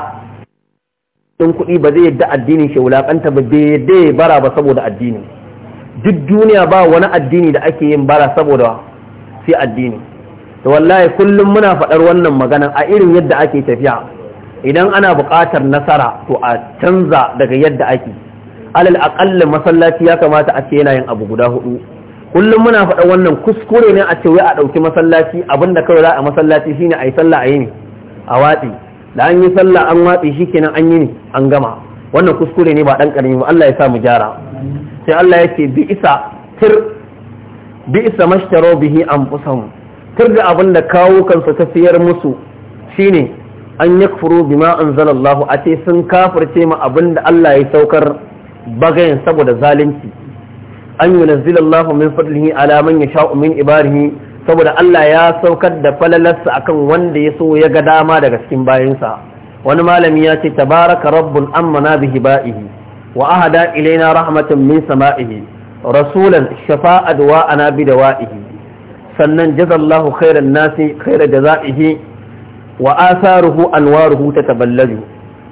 ɗin kuɗi ba zai yadda addinin shi wulaƙanta ba bai yadda ya bara ba saboda addinin duk duniya ba wani addini da ake yin bara saboda sai addini to wallahi kullum muna faɗar wannan magana a irin yadda ake tafiya idan ana buƙatar nasara to a canza daga yadda ake alal aqalla masallaci ya kamata a ce yana yin abu guda hudu kullum muna faɗar wannan kuskure ne a ce wai a ɗauki masallaci abinda kawai za a masallaci shine a yi sallah a yi ne a watsi da an yi sallah an watsi shikenan an yi ne an gama wannan kuskure ne ba ɗan ƙarami ba Allah ya sa mu gyara sai Allah ya ce bi isa tir bi isa mashtaro bihi anfusahum tir da abin da kawo kansa ta siyar musu shine an yakfuru bima Allahu, a ce sun kafirce ma abin da Allah ya saukar bagayen saboda zalunci an Allahu min fadlihi ala man sha'u min ibarihi saboda Allah ya saukar da falalarsa akan wanda ya so ya ga dama daga cikin bayansa wani malami ya ce tabaraka rabbul na bihi ba'ihi وأهدى إلينا رحمة من سمائه رسولا da دواءنا بدوائه sannan jazallahu khairan nasi khaira jazaihi wa atharuhu anwaruhu tataballaju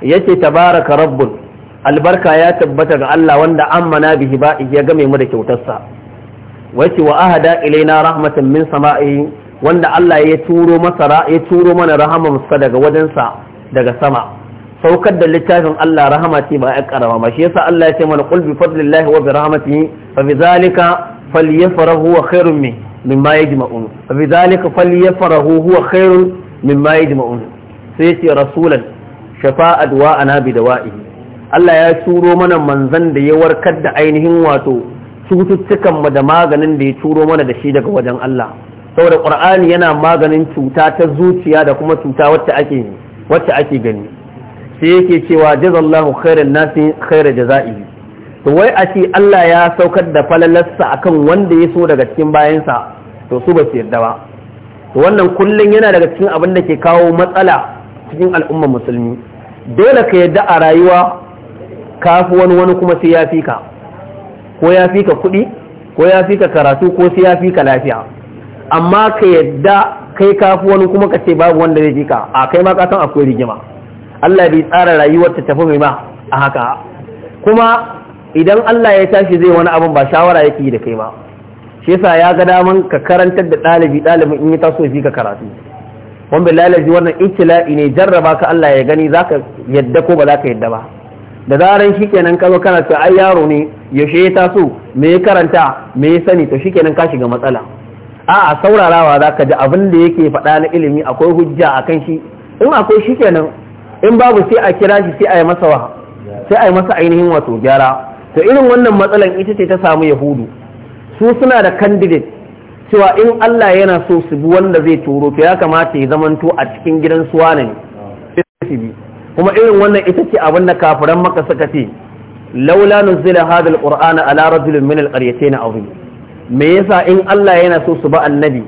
yace tabaraka rabbul albarka ya tabbata ga Allah wanda ammana bi ba ya game mu da kyautarsa wace wa ahada ilaina rahmatan min sama'i wanda Allah ya turo masa ya turo mana rahamansa daga wajensa daga sama saukar da littafin Allah rahama ce ba ya karama ba shi yasa Allah ya ce mana qul bi fadlillahi wa bi rahmatihi fa bi zalika falyafrahu wa khairun min mimma yajma'un fa bi zalika falyafrahu huwa khairun mimma yajma'un sai ce rasulan shafa'at wa bi dawa'i Allah ya turo mana manzan da ya warkar da ainihin wato cututtukan mu da maganin da ya turo mana da shi daga wajen Allah saboda qur'ani yana maganin cuta ta zuciya da kuma cuta wacce ake wacce ake gani sai yake cewa jazallahu khairan nasi khairu jaza'i to wai a ce Allah ya saukar da falalarsa akan wanda ya so daga cikin bayansa to su ba su yarda ba to wannan kullun yana daga cikin abin da ke kawo matsala cikin al'umma musulmi dole ka yarda a rayuwa fi wani wani kuma sai ya fi ko ya fi ka kuɗi ko ya fi ka karatu ko sai ya fi lafiya amma ka yarda kai kafi wani kuma ka ce babu wanda zai fi ka a kai ma ka san akwai rigima Allah bai tsara rayuwar ta tafi mai ma a haka kuma idan Allah ya tashi zai wani abin ba shawara yake yi da kai ba shi yasa ya ga daman ka karantar da ɗalibi ɗalibin in ya taso shi ka karatu wani bai lalaji wannan ibtila'i ne jarraba ka Allah ya gani zaka yadda ko ba za ka yadda ba da zaran shikenan ka zo kana cewa ai yaro ne yaushe ya taso me ya karanta me ya sani to shikenan ka shiga matsala a'a saurarawa zaka ji abin da yake faɗa na ilimi akwai hujja akan shi in akwai shikenan in babu sai a kira shi sai a yi masa wa sai a yi masa ainihin wato gyara to irin wannan matsalan ita ce ta samu yahudu su suna da candidate cewa in Allah yana so su bi wanda zai turo to ya kamata ya zamanto a cikin gidan su wane ne kuma irin wannan ita ce abin da kafiran maka suka ce laula nuzila hadha qur'ana ala rajulin min alqaryatayn azim me yasa in Allah yana so su ba annabi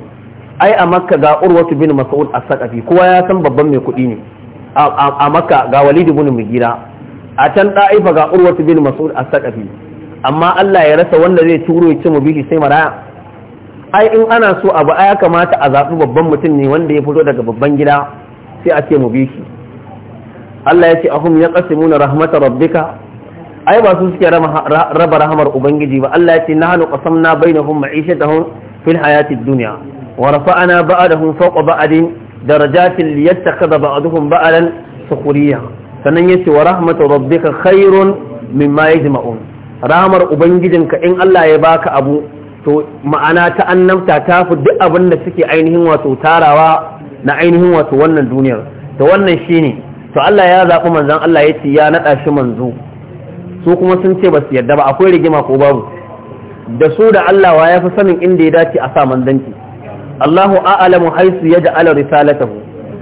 ai a makka ga urwatu bin mas'ud as-saqafi kowa ya san babban mai kuɗi ne a maka ga walidi ibn mugira a can da'ifa ga urwat bin mas'ud as-saqafi amma Allah ya rasa wanda zai turo ya ci mu bihi sai maraya ai in ana so abu ya kamata a zabi babban mutum ne wanda ya fito daga babban gida sai a ce mu bi Allah ya ce ahum ya qasimuna rahmatar rabbika ai ba su suke raba rahmar ubangiji ba Allah ya ce nahnu qasamna bainahum ma'ishatahum fil hayatid dunya wa rafa'na ba'dahum fawqa ba'din darajatin liyattakhadha ba'dhum ba'alan sukhriya sannan yace wa rahmatu rabbika khairun mimma yajma'un rahmar ubangijinka in Allah ya baka abu to ma'ana ta annabta ta fi duk abin da suke ainihin wato tarawa na ainihin wato wannan duniyar to wannan shine to Allah ya zaɓi manzon Allah yace ya nada shi manzo su kuma sun ce ba su yarda ba akwai rigima ko babu da su da Allah wa ya fi sanin inda ya dace a sa manzanci Allahu a'lamu haythu yaj'alu risalatahu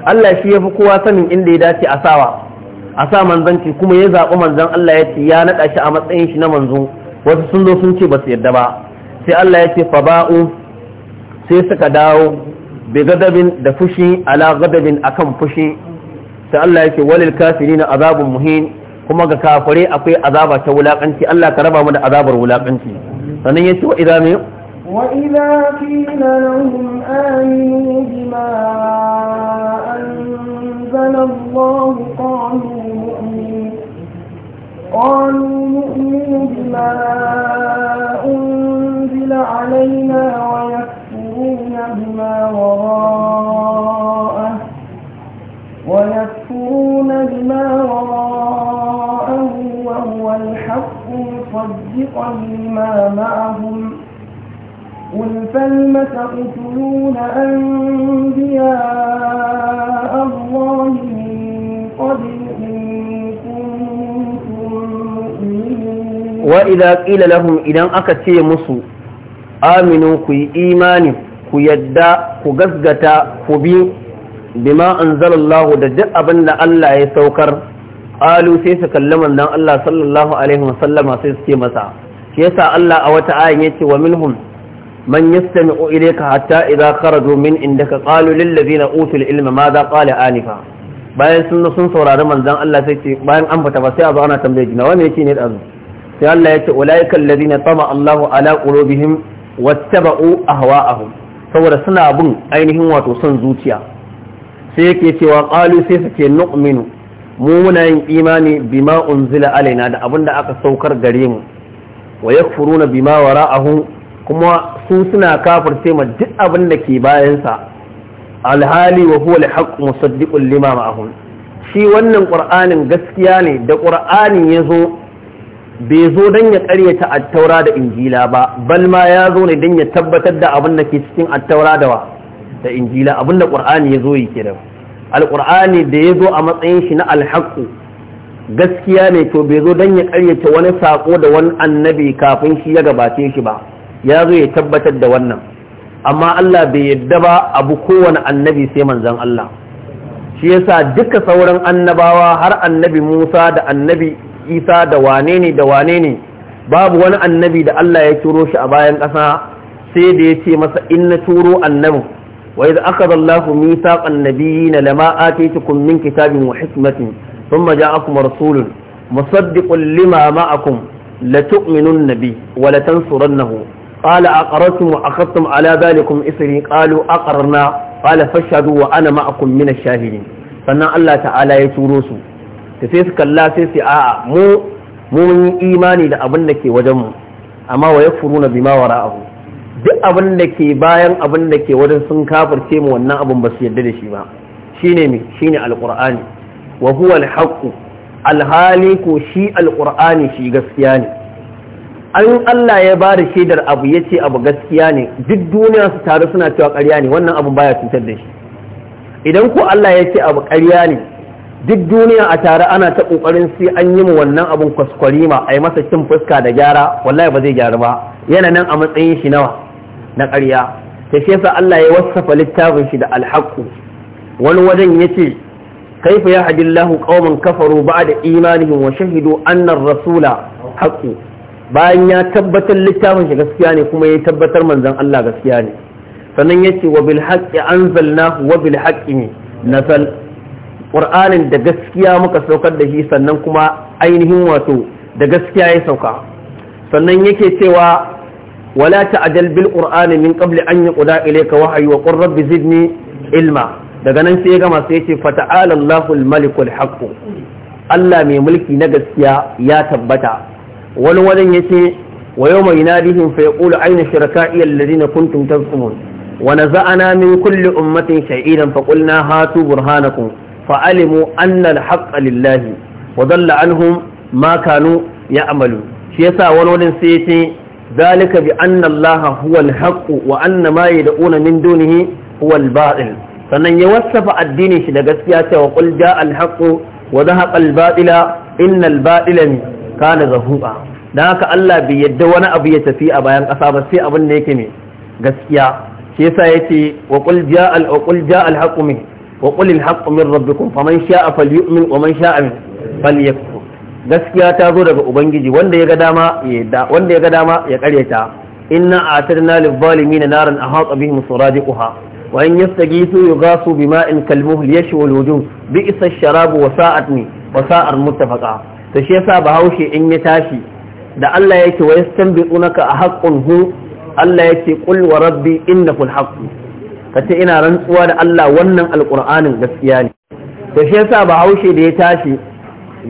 Allah shi yafi kowa sanin inda ya dace a sawa a sa manzanci kuma ya zaɓi manzan Allah ya ce ya naɗa shi a matsayin shi na manzo wasu sun zo sun ce ba su yarda ba sai Allah ya ce fa ba'u sai suka dawo bi gadabin da fushi ala gadabin akan fushi sai Allah ya ce walil kafirina azabun muhin kuma ga kafare akwai azaba ta wulakanci Allah ka raba mu da azabar wulakanci sannan ya ce wa idza وإذا قيل لهم آمنوا بما أنزل الله قالوا مؤمن قالوا نؤمن بما أنزل علينا ويكفرون بما وراءه ويكفرون بما وراءه وهو الحق مصدقا لما معهم قل فلم تقتلون أنبياء الله من قبل إن كنتم وإذا قيل لهم إذا أكتي مصر آمنوا في إيمان ku yadda ku gasgata ku bi bima anzalallahu da duk abin da Allah ya saukar Al'usai su kalli mandan Allah sallallahu alaihi wasallama sai suke masa shi yasa Allah a wata ayin yace wa minhum من يستمع إليك حتى إذا خرجوا من عندك قالوا للذين أوتوا العلم ماذا قال آنفا bayan sun sun saurari manzon Allah sai ce bayan an fita ba sai a zo ana tambaye jina wani yake ne dazu sai Allah ya ce ulaika alladhina tama Allahu ala qulubihim wattaba'u ahwa'ahum saboda suna bin ainihin wato son zuciya sai yake cewa qalu sai suke nu'minu mu muna yin imani bima unzila alaina da abinda aka saukar gare mu wa yakfuruna bima wara'ahu kuma su suna kafirce ma duk abin da ke bayansa alhali wa huwa alhaq musaddiqun lima ma'ahum shi wannan qur'anin gaskiya ne da qur'anin yazo bai zo dan ya ƙaryata at-taura da injila ba bal ma ya zo ne dan ya tabbatar da abin da ke cikin attaura da wa da injila abin da qur'ani yazo yi kenan alqur'ani da yazo a matsayin shi na alhaq gaskiya ne to bai zo dan ya ƙaryata wani sako da wani annabi kafin shi ya gabace shi ba ya zo ya tabbatar da wannan amma Allah bai yadda ba abu kowane annabi sai manzan Allah shi yasa duka sauran annabawa har annabi Musa da annabi Isa da wane ne da wane ne babu wani annabi da Allah ya turo shi a bayan ƙasa sai da ya ce masa in na turo annabin wa idza akhadha Allahu mithaqan nabiyyin lama atitukum min kitabin wa hikmatin thumma ja'akum rasulun musaddiqun lima ma'akum la tu'minun nabi wa la tansurunnahu Ƙala قال أقررتم وأخذتم على ذلكم إسري قالوا أقررنا قال فاشهدوا وأنا معكم من الشاهدين sannan Allah ta'ala ya turo su ta sai su kalla sai su a mu mun yi imani da abin da ke wajenmu amma wa ya furu bima wa ra'ahu duk abin da ke bayan abin da ke wajen sun kafirce mu wannan abin ba su yarda da shi ba shine me shine alqur'ani wa huwa alhaqu alhali ko shi alqur'ani shi gaskiya ne an Allah ya ba da shaidar abu ya ce abu gaskiya ne duk duniya su taru suna cewa ƙarya ne wannan abu baya cutar da shi idan ko Allah ya ce abu ƙarya ne duk duniya a tare ana ta ƙoƙarin sai an yi mu wannan abun kwaskwarima a yi masa cin fuska da gyara wallahi ba zai gyaru ba yana nan a matsayin shi nawa na ƙarya ta shi yasa Allah ya wasafa littafin shi da alhaku wani wajen ya ce kaifa ya hadillahu qauman kafaru ba'da imanihim wa shahidu anna ar-rasula haqqu bayan ya tabbatar littafin shi gaskiya ne kuma ya tabbatar manzon Allah gaskiya ne sannan yace wa bil haqqi anzalnahu wa bil haqqi nazal qur'anin da gaskiya muka saukar da shi sannan kuma ainihin wato da gaskiya ya sauka sannan yake cewa ولا تعجل بالقرآن من قبل أن يقضى إليك وحي وقل rabbi زدني ilma daga nan sai ya gama sai ya ce fata'ala Allahul malikul haqq Allah mai mulki na gaskiya ya tabbata wani wajen ya ce wa yau mai nadihin fa ya ƙula aina shiraka'i allazi na kuntum tazkumun wa naza'ana min kulli ummatin sha'idan fa qulna hatu burhanakum fa alimu anna al lillahi wa dalla anhum ma kanu ya'malu shi yasa wani wajen sai ya ce zalika bi anna allaha huwa wa anna ma yad'una min dunihi huwa al sannan ya wasafa addinin shi da gaskiya cewa qul ja'a al-haqq wa dhahaqa al-batila batila kana zahuqa don haka Allah bai yadda wani abu ya tafi a bayan ƙasa ba sai abin da yake mai gaskiya shi yasa yace wa qul jaa al wa qul jaa al haqqu min wa qul al haqqu min rabbikum faman sha'a falyu'min wa man sha'a falyakfur gaskiya ta zo daga ubangiji wanda ya ga dama ya yadda wanda ya ga dama ya karyata inna a'tadna lil zalimin naran ahata bihim suradiquha wa in yastaghithu yughasu bima'in kalmuhl yashwi al wujuh bi'sa ash-sharabu wa sa'atni wa sa'ar muttafaqa to shi yasa bahaushe in ya tashi da Allah yake wa yastanbitunaka a haqqun hu Allah yake qul wa rabbi innahu Ka kace ina rantsuwa da Allah wannan alqur'anin gaskiya ne to shi yasa bahaushe da ya tashi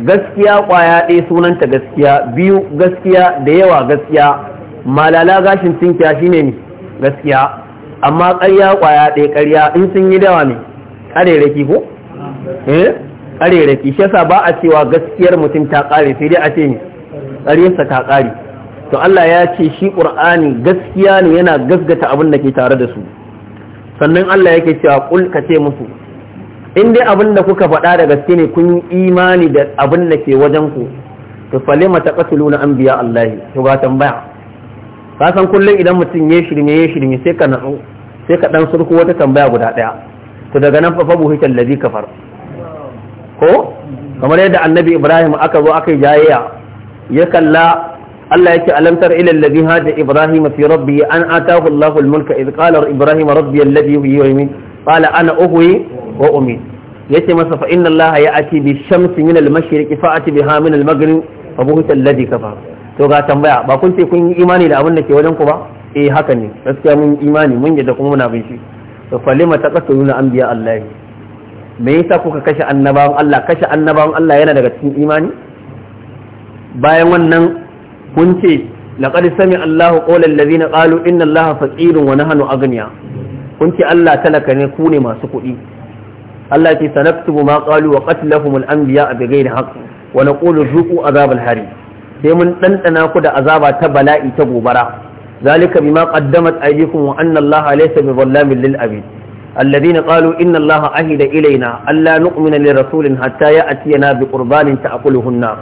gaskiya kwaya ɗe sunanta gaskiya biyu gaskiya da yawa gaskiya malala gashin tinkiya shine ne gaskiya amma ƙarya kwaya ɗe ƙarya in sun yi dawa ne ƙarerake ko eh ƙarerake shi yasa ba a cewa gaskiyar mutum ta ƙare sai dai a ce ne ƙaryarsa ta kari to Allah ya ce shi ƙur'ani gaskiya ne yana gasgata abin da ke tare da su sannan Allah yake cewa kul ka ce musu in dai abin da kuka faɗa da gaske ne kun yi imani da abin da ke wajen ku to falima an anbiya Allah to ga tambaya ka san kullum idan mutum ya shirme ya shirme sai ka natsu sai ka dan surku wata tambaya guda ɗaya to daga nan fa fa ladhi kafar ko kamar yadda annabi ibrahim aka zo aka yi jayayya ya kalla Allah yake alamtar ila alladhi hada ibrahim fi rabbi an atahu Allah al-mulka idh qala ibrahim rabbi alladhi huwa yumin qala ana uhyi wa umit yace masa fa inna Allah ya'ti bi shamsi min al-mashriqi fa'ati biha min al-maghrib fa buhita alladhi kafar to ga tambaya ba kun ce kun yi imani da abin da ke wajen ku ba eh haka ne gaskiya mun imani mun yadda kuma muna bin shi to falima taqatuluna anbiya Allah me yasa kuka kashe annabawan Allah kashe annabawan Allah yana daga cikin imani bayan wannan kun ce laqad sami Allahu qawlan ladina qalu inna Allaha faqirun wa nahnu aghniya kun ce Allah talaka ne ku ne masu kuɗi Allah ce sanaktubu ma qalu wa qatlahum al-anbiya bi ghairi haqq wa naqulu zuqu azab al-hari sai mun dandana ku da azaba ta bala'i ta gobara zalika bima qaddamat aydikum wa anna Allaha laysa bi dhallamin lil abid الذين قالوا إن الله عهد إلينا ألا نؤمن لرسول حتى يأتينا بقربان تأكله النار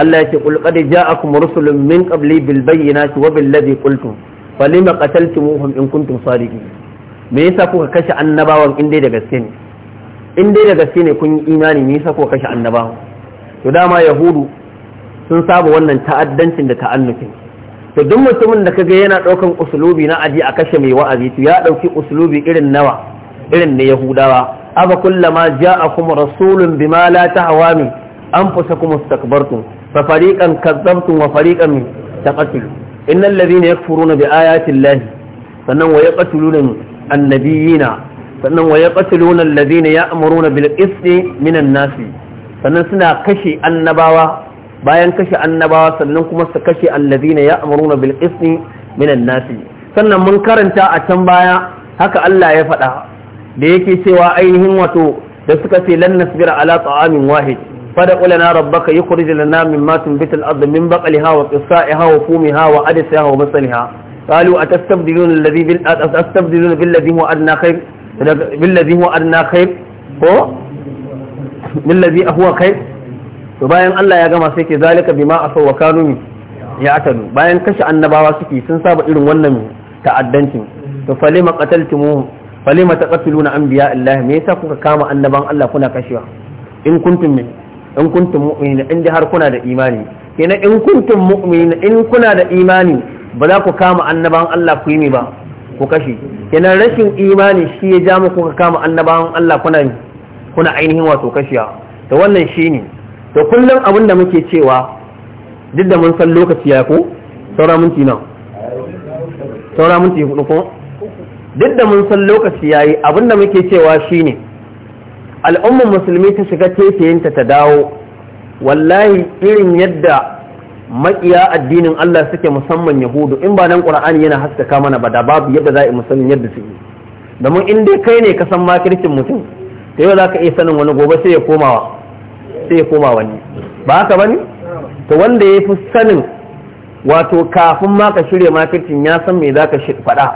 Allah yake qul qad ja'akum rusulun min qabli bil bayyinati wa bil ladhi qultum falima qataltumuhum in kuntum sadiqin me yasa kuka kashe annabawan in dai da gaske ne in dai da gaske ne kun yi imani me yasa kuka kashe annabawan to dama yahudu sun saba wannan ta'addancin da ta'annukin to duk mutumin da kaga yana daukan usulubi na aji a kashe mai wa'azi to ya dauki usulubi irin nawa irin na yahudawa aba kullama ja'akum rasulun bima la tahwami anfusakum istakbartum fa fariqan kazzabtum wa fariqan taqtulu innal ladhina yakfuruna bi ayati llahi sannan wa yaqtuluna annabiyina sannan wa yaqtuluna alladhina ya'muruna bil qisti minan sannan suna kashe annabawa bayan kashe annabawa sannan kuma su kashe alladhina ya'muruna bil qisti minan nasi sannan mun karanta a can baya haka Allah ya faɗa da yake cewa ainihin wato da suka ce lan nasbira ala ta'amin wahid فدع لنا ربك يخرج لنا مما تنبت الأرض من بقلها وقصائها وفومها وعدسها وبصلها قالوا أتستبدلون الذي بال... أتستبدلون بالذي هو أدنى خير بالذي هو أدنى خير هو بالذي هو خير وباين الله يا جماعة سيكي ذلك بما أصوا وكانوا ya atalu bayan kashe annabawa suke sun saba irin wannan ta'addancin to falima qataltumu falima taqtuluna anbiya Allah me yasa kuka kama annaban Allah kuna kashewa in kuntum min in kuntum mu'minin in har kuna da imani kenan in kuntum mu'minin in kuna da imani ba za ku kama annabawan Allah ku yi ba ku kashi. kenan rashin imani shi ya ja muku ka kama annabawan Allah kuna kuna ainihin wato kashiya to wannan shine to kullum abin da muke cewa duk da mun san lokaci ya ko saura minti nan saura minti hudu ko duk da mun san lokaci yayi abin da muke cewa shine al'ummar musulmi ta shiga tefeyinta ta dawo wallahi irin yadda makiya addinin Allah suke musamman yahudu in ba nan qur'ani yana haskaka mana ba da babu yadda za a yi musamman yadda suke domin in dai kai ne ka san makircin mutum ta yau za ka iya sanin wani gobe sai ya komawa sai ya koma wani ba haka ba ne to wanda ya fi sanin wato kafin ma ka shirya makircin ya san me za ka faɗa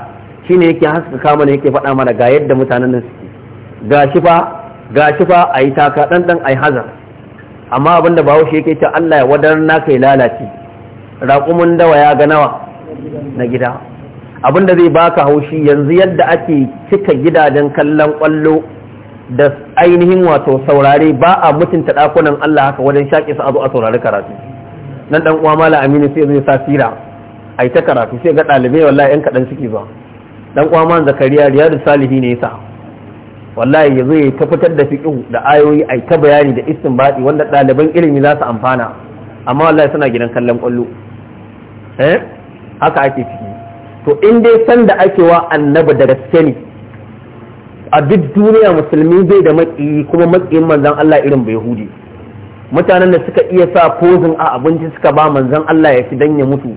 shine yake haskaka mana yake faɗa mana ga yadda mutanen nan suke ga shi fa ga shi fa a yi taka ɗanɗan a yi hazar amma abinda ba haushe yake ce Allah ya wadar na kai lalace raƙumin dawa ya ga nawa na gida Abin da zai baka haushi yanzu yadda ake cika gidajen kallon ƙwallo da ainihin wato saurare ba a mutunta ɗakunan Allah haka wajen shaƙe su a a saurari karatu nan ɗan uwa mala aminu sai zai sa sira a yi ta karatu sai ga ɗalibai wallahi 'yan kaɗan suke ba ɗan uwa man zakariya riyadu salihi ne ya sa wallahi ya zo ya tafitar da fiƙin da ayoyi ai ta bayani da baɗi wanda ɗaliban ilimi za su amfana amma wallahi suna gidan kallon ƙwallo eh haka ake ciki to in dai san da ake wa annabi da gaske ne a duk duniya musulmi zai da maki kuma makiyin manzan Allah irin bai hudi mutanen da suka iya sa pozin a abinci suka ba manzan Allah ya fi dan ya mutu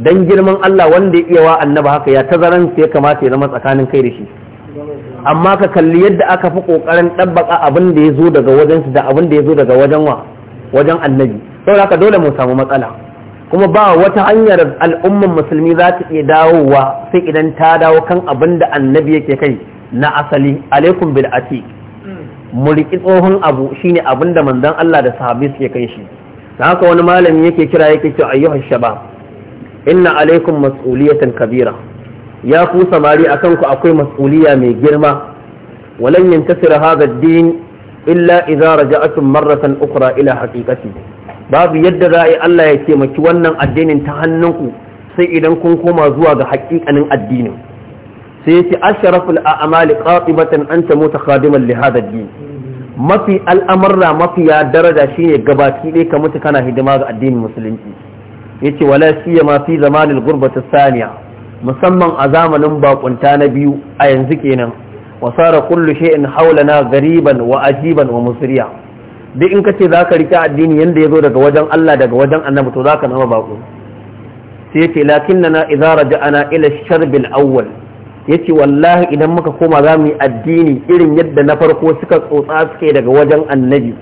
dan girman Allah wanda ya iya wa annabi haka ya tazaran sai ya kamata ya zama tsakanin kai da shi amma ka kalli yadda aka fi kokarin ɗabbaka abin da ya zo daga wajen su da abin da ya zo daga wajen wa wajen annabi saboda haka dole mu samu matsala kuma ba wata hanyar al'ummar musulmi za ta iya dawowa sai idan ta dawo kan abin da annabi yake kai na asali alaikum bil ati mu riki tsohon abu shine abin da manzon Allah da sahabbai suke kai shi dan haka wani malami yake kira yake cewa ayyuhal shabab inna alaikum mas'uliyatan kabira ya ku samari a kanku akwai mas'uliya mai girma walan yantasir hadha din illa idza raja'atum marratan ukura ila hakikati babu yadda za a Allah ya taimaki wannan addinin ta hannunku sai idan kun koma zuwa ga hakikanin addinin sai yace asharaful a'mali qatibatan anta mutakhadiman li hadha din mafi al'amarra mafiya daraja shine gabaki ɗaya ka mutu kana hidima ga addinin musulunci yace wala siya ma fi zamanil gurbata saniya musamman a zamanin bakunta na biyu a yanzu kenan wasara kullu shay'in haulana gariban wa ajiban wa musriya duk in kace zaka rika addini yanda yazo daga wajen Allah daga wajen Annabi to zaka zama bako sai yace lakinnana idza raja'ana ila ana sharb al-awwal yace wallahi idan muka koma za mu yi addini irin yadda na farko suka tsotsa suke daga wajen Annabi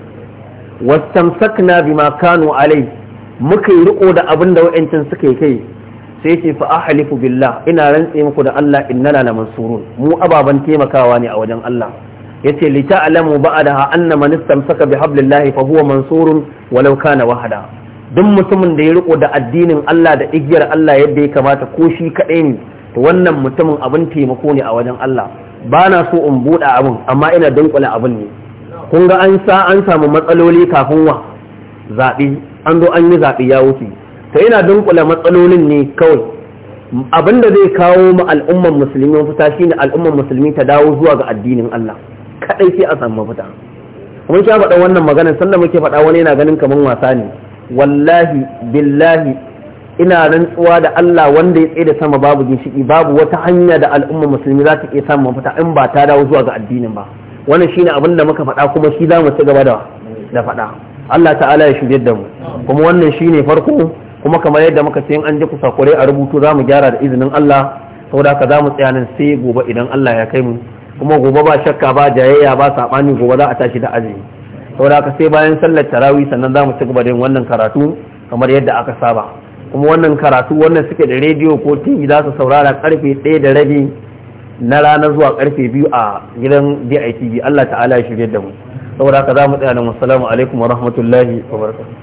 wastamsakna bima kanu alai muka yi riko da abin da wa'ancin suke kai sai ce fa ahlifu billah ina rantse muku da Allah innana la mansurun mu ababan taimakawa ne a wajen Allah yace li ta'lamu ba'daha anna man istamsaka bi hablillahi fa huwa mansurun walau kana wahada duk mutumin da ya riko da addinin Allah da igiyar Allah yadda ya kamata ko shi kadai ne to wannan mutumin abin taimako ne a wajen Allah ba na so in buɗe abin amma ina dunkula abin ne kun ga an sa an samu matsaloli kafin wa zaɓe an zo an yi zaɓe ya wuce ta yana dunkula matsalolin ne kawai abin da zai kawo ma al'umman musulmi mafita ne al'umman musulmi ta dawo zuwa ga addinin Allah Kaɗai sai a samu mafita mun sha faɗa wannan magana sannan muke faɗa wani yana ganin kamar wasa ne wallahi billahi ina rantsuwa da Allah wanda ya tsaye da sama babu ginshiƙi, babu wata hanya da al'umman musulmi za ta iya samun mafita in ba ta dawo zuwa ga addinin ba wannan shine abin da muka faɗa kuma shi za mu ci gaba da faɗa Allah ta'ala ya shirye da mu kuma wannan shine farko kuma kamar yadda muka ce in an ji kusakurai a rubutu za mu gyara da izinin Allah saboda haka za mu tsaya nan sai gobe idan Allah ya kai mu kuma gobe ba shakka ba jayayya ba sabani gobe za a tashi da azumi saboda haka sai bayan sallar tarawi sannan za mu ci gaba da yin wannan karatu kamar yadda aka saba kuma wannan karatu wannan suke da rediyo ko tv za su saurara karfe ɗaya da rabi na rana zuwa karfe biyu a gidan DITV Allah ta'ala ya shirye da mu saboda haka za mu tsaya nan wassalamu alaikum wa rahmatullahi wa barakatuh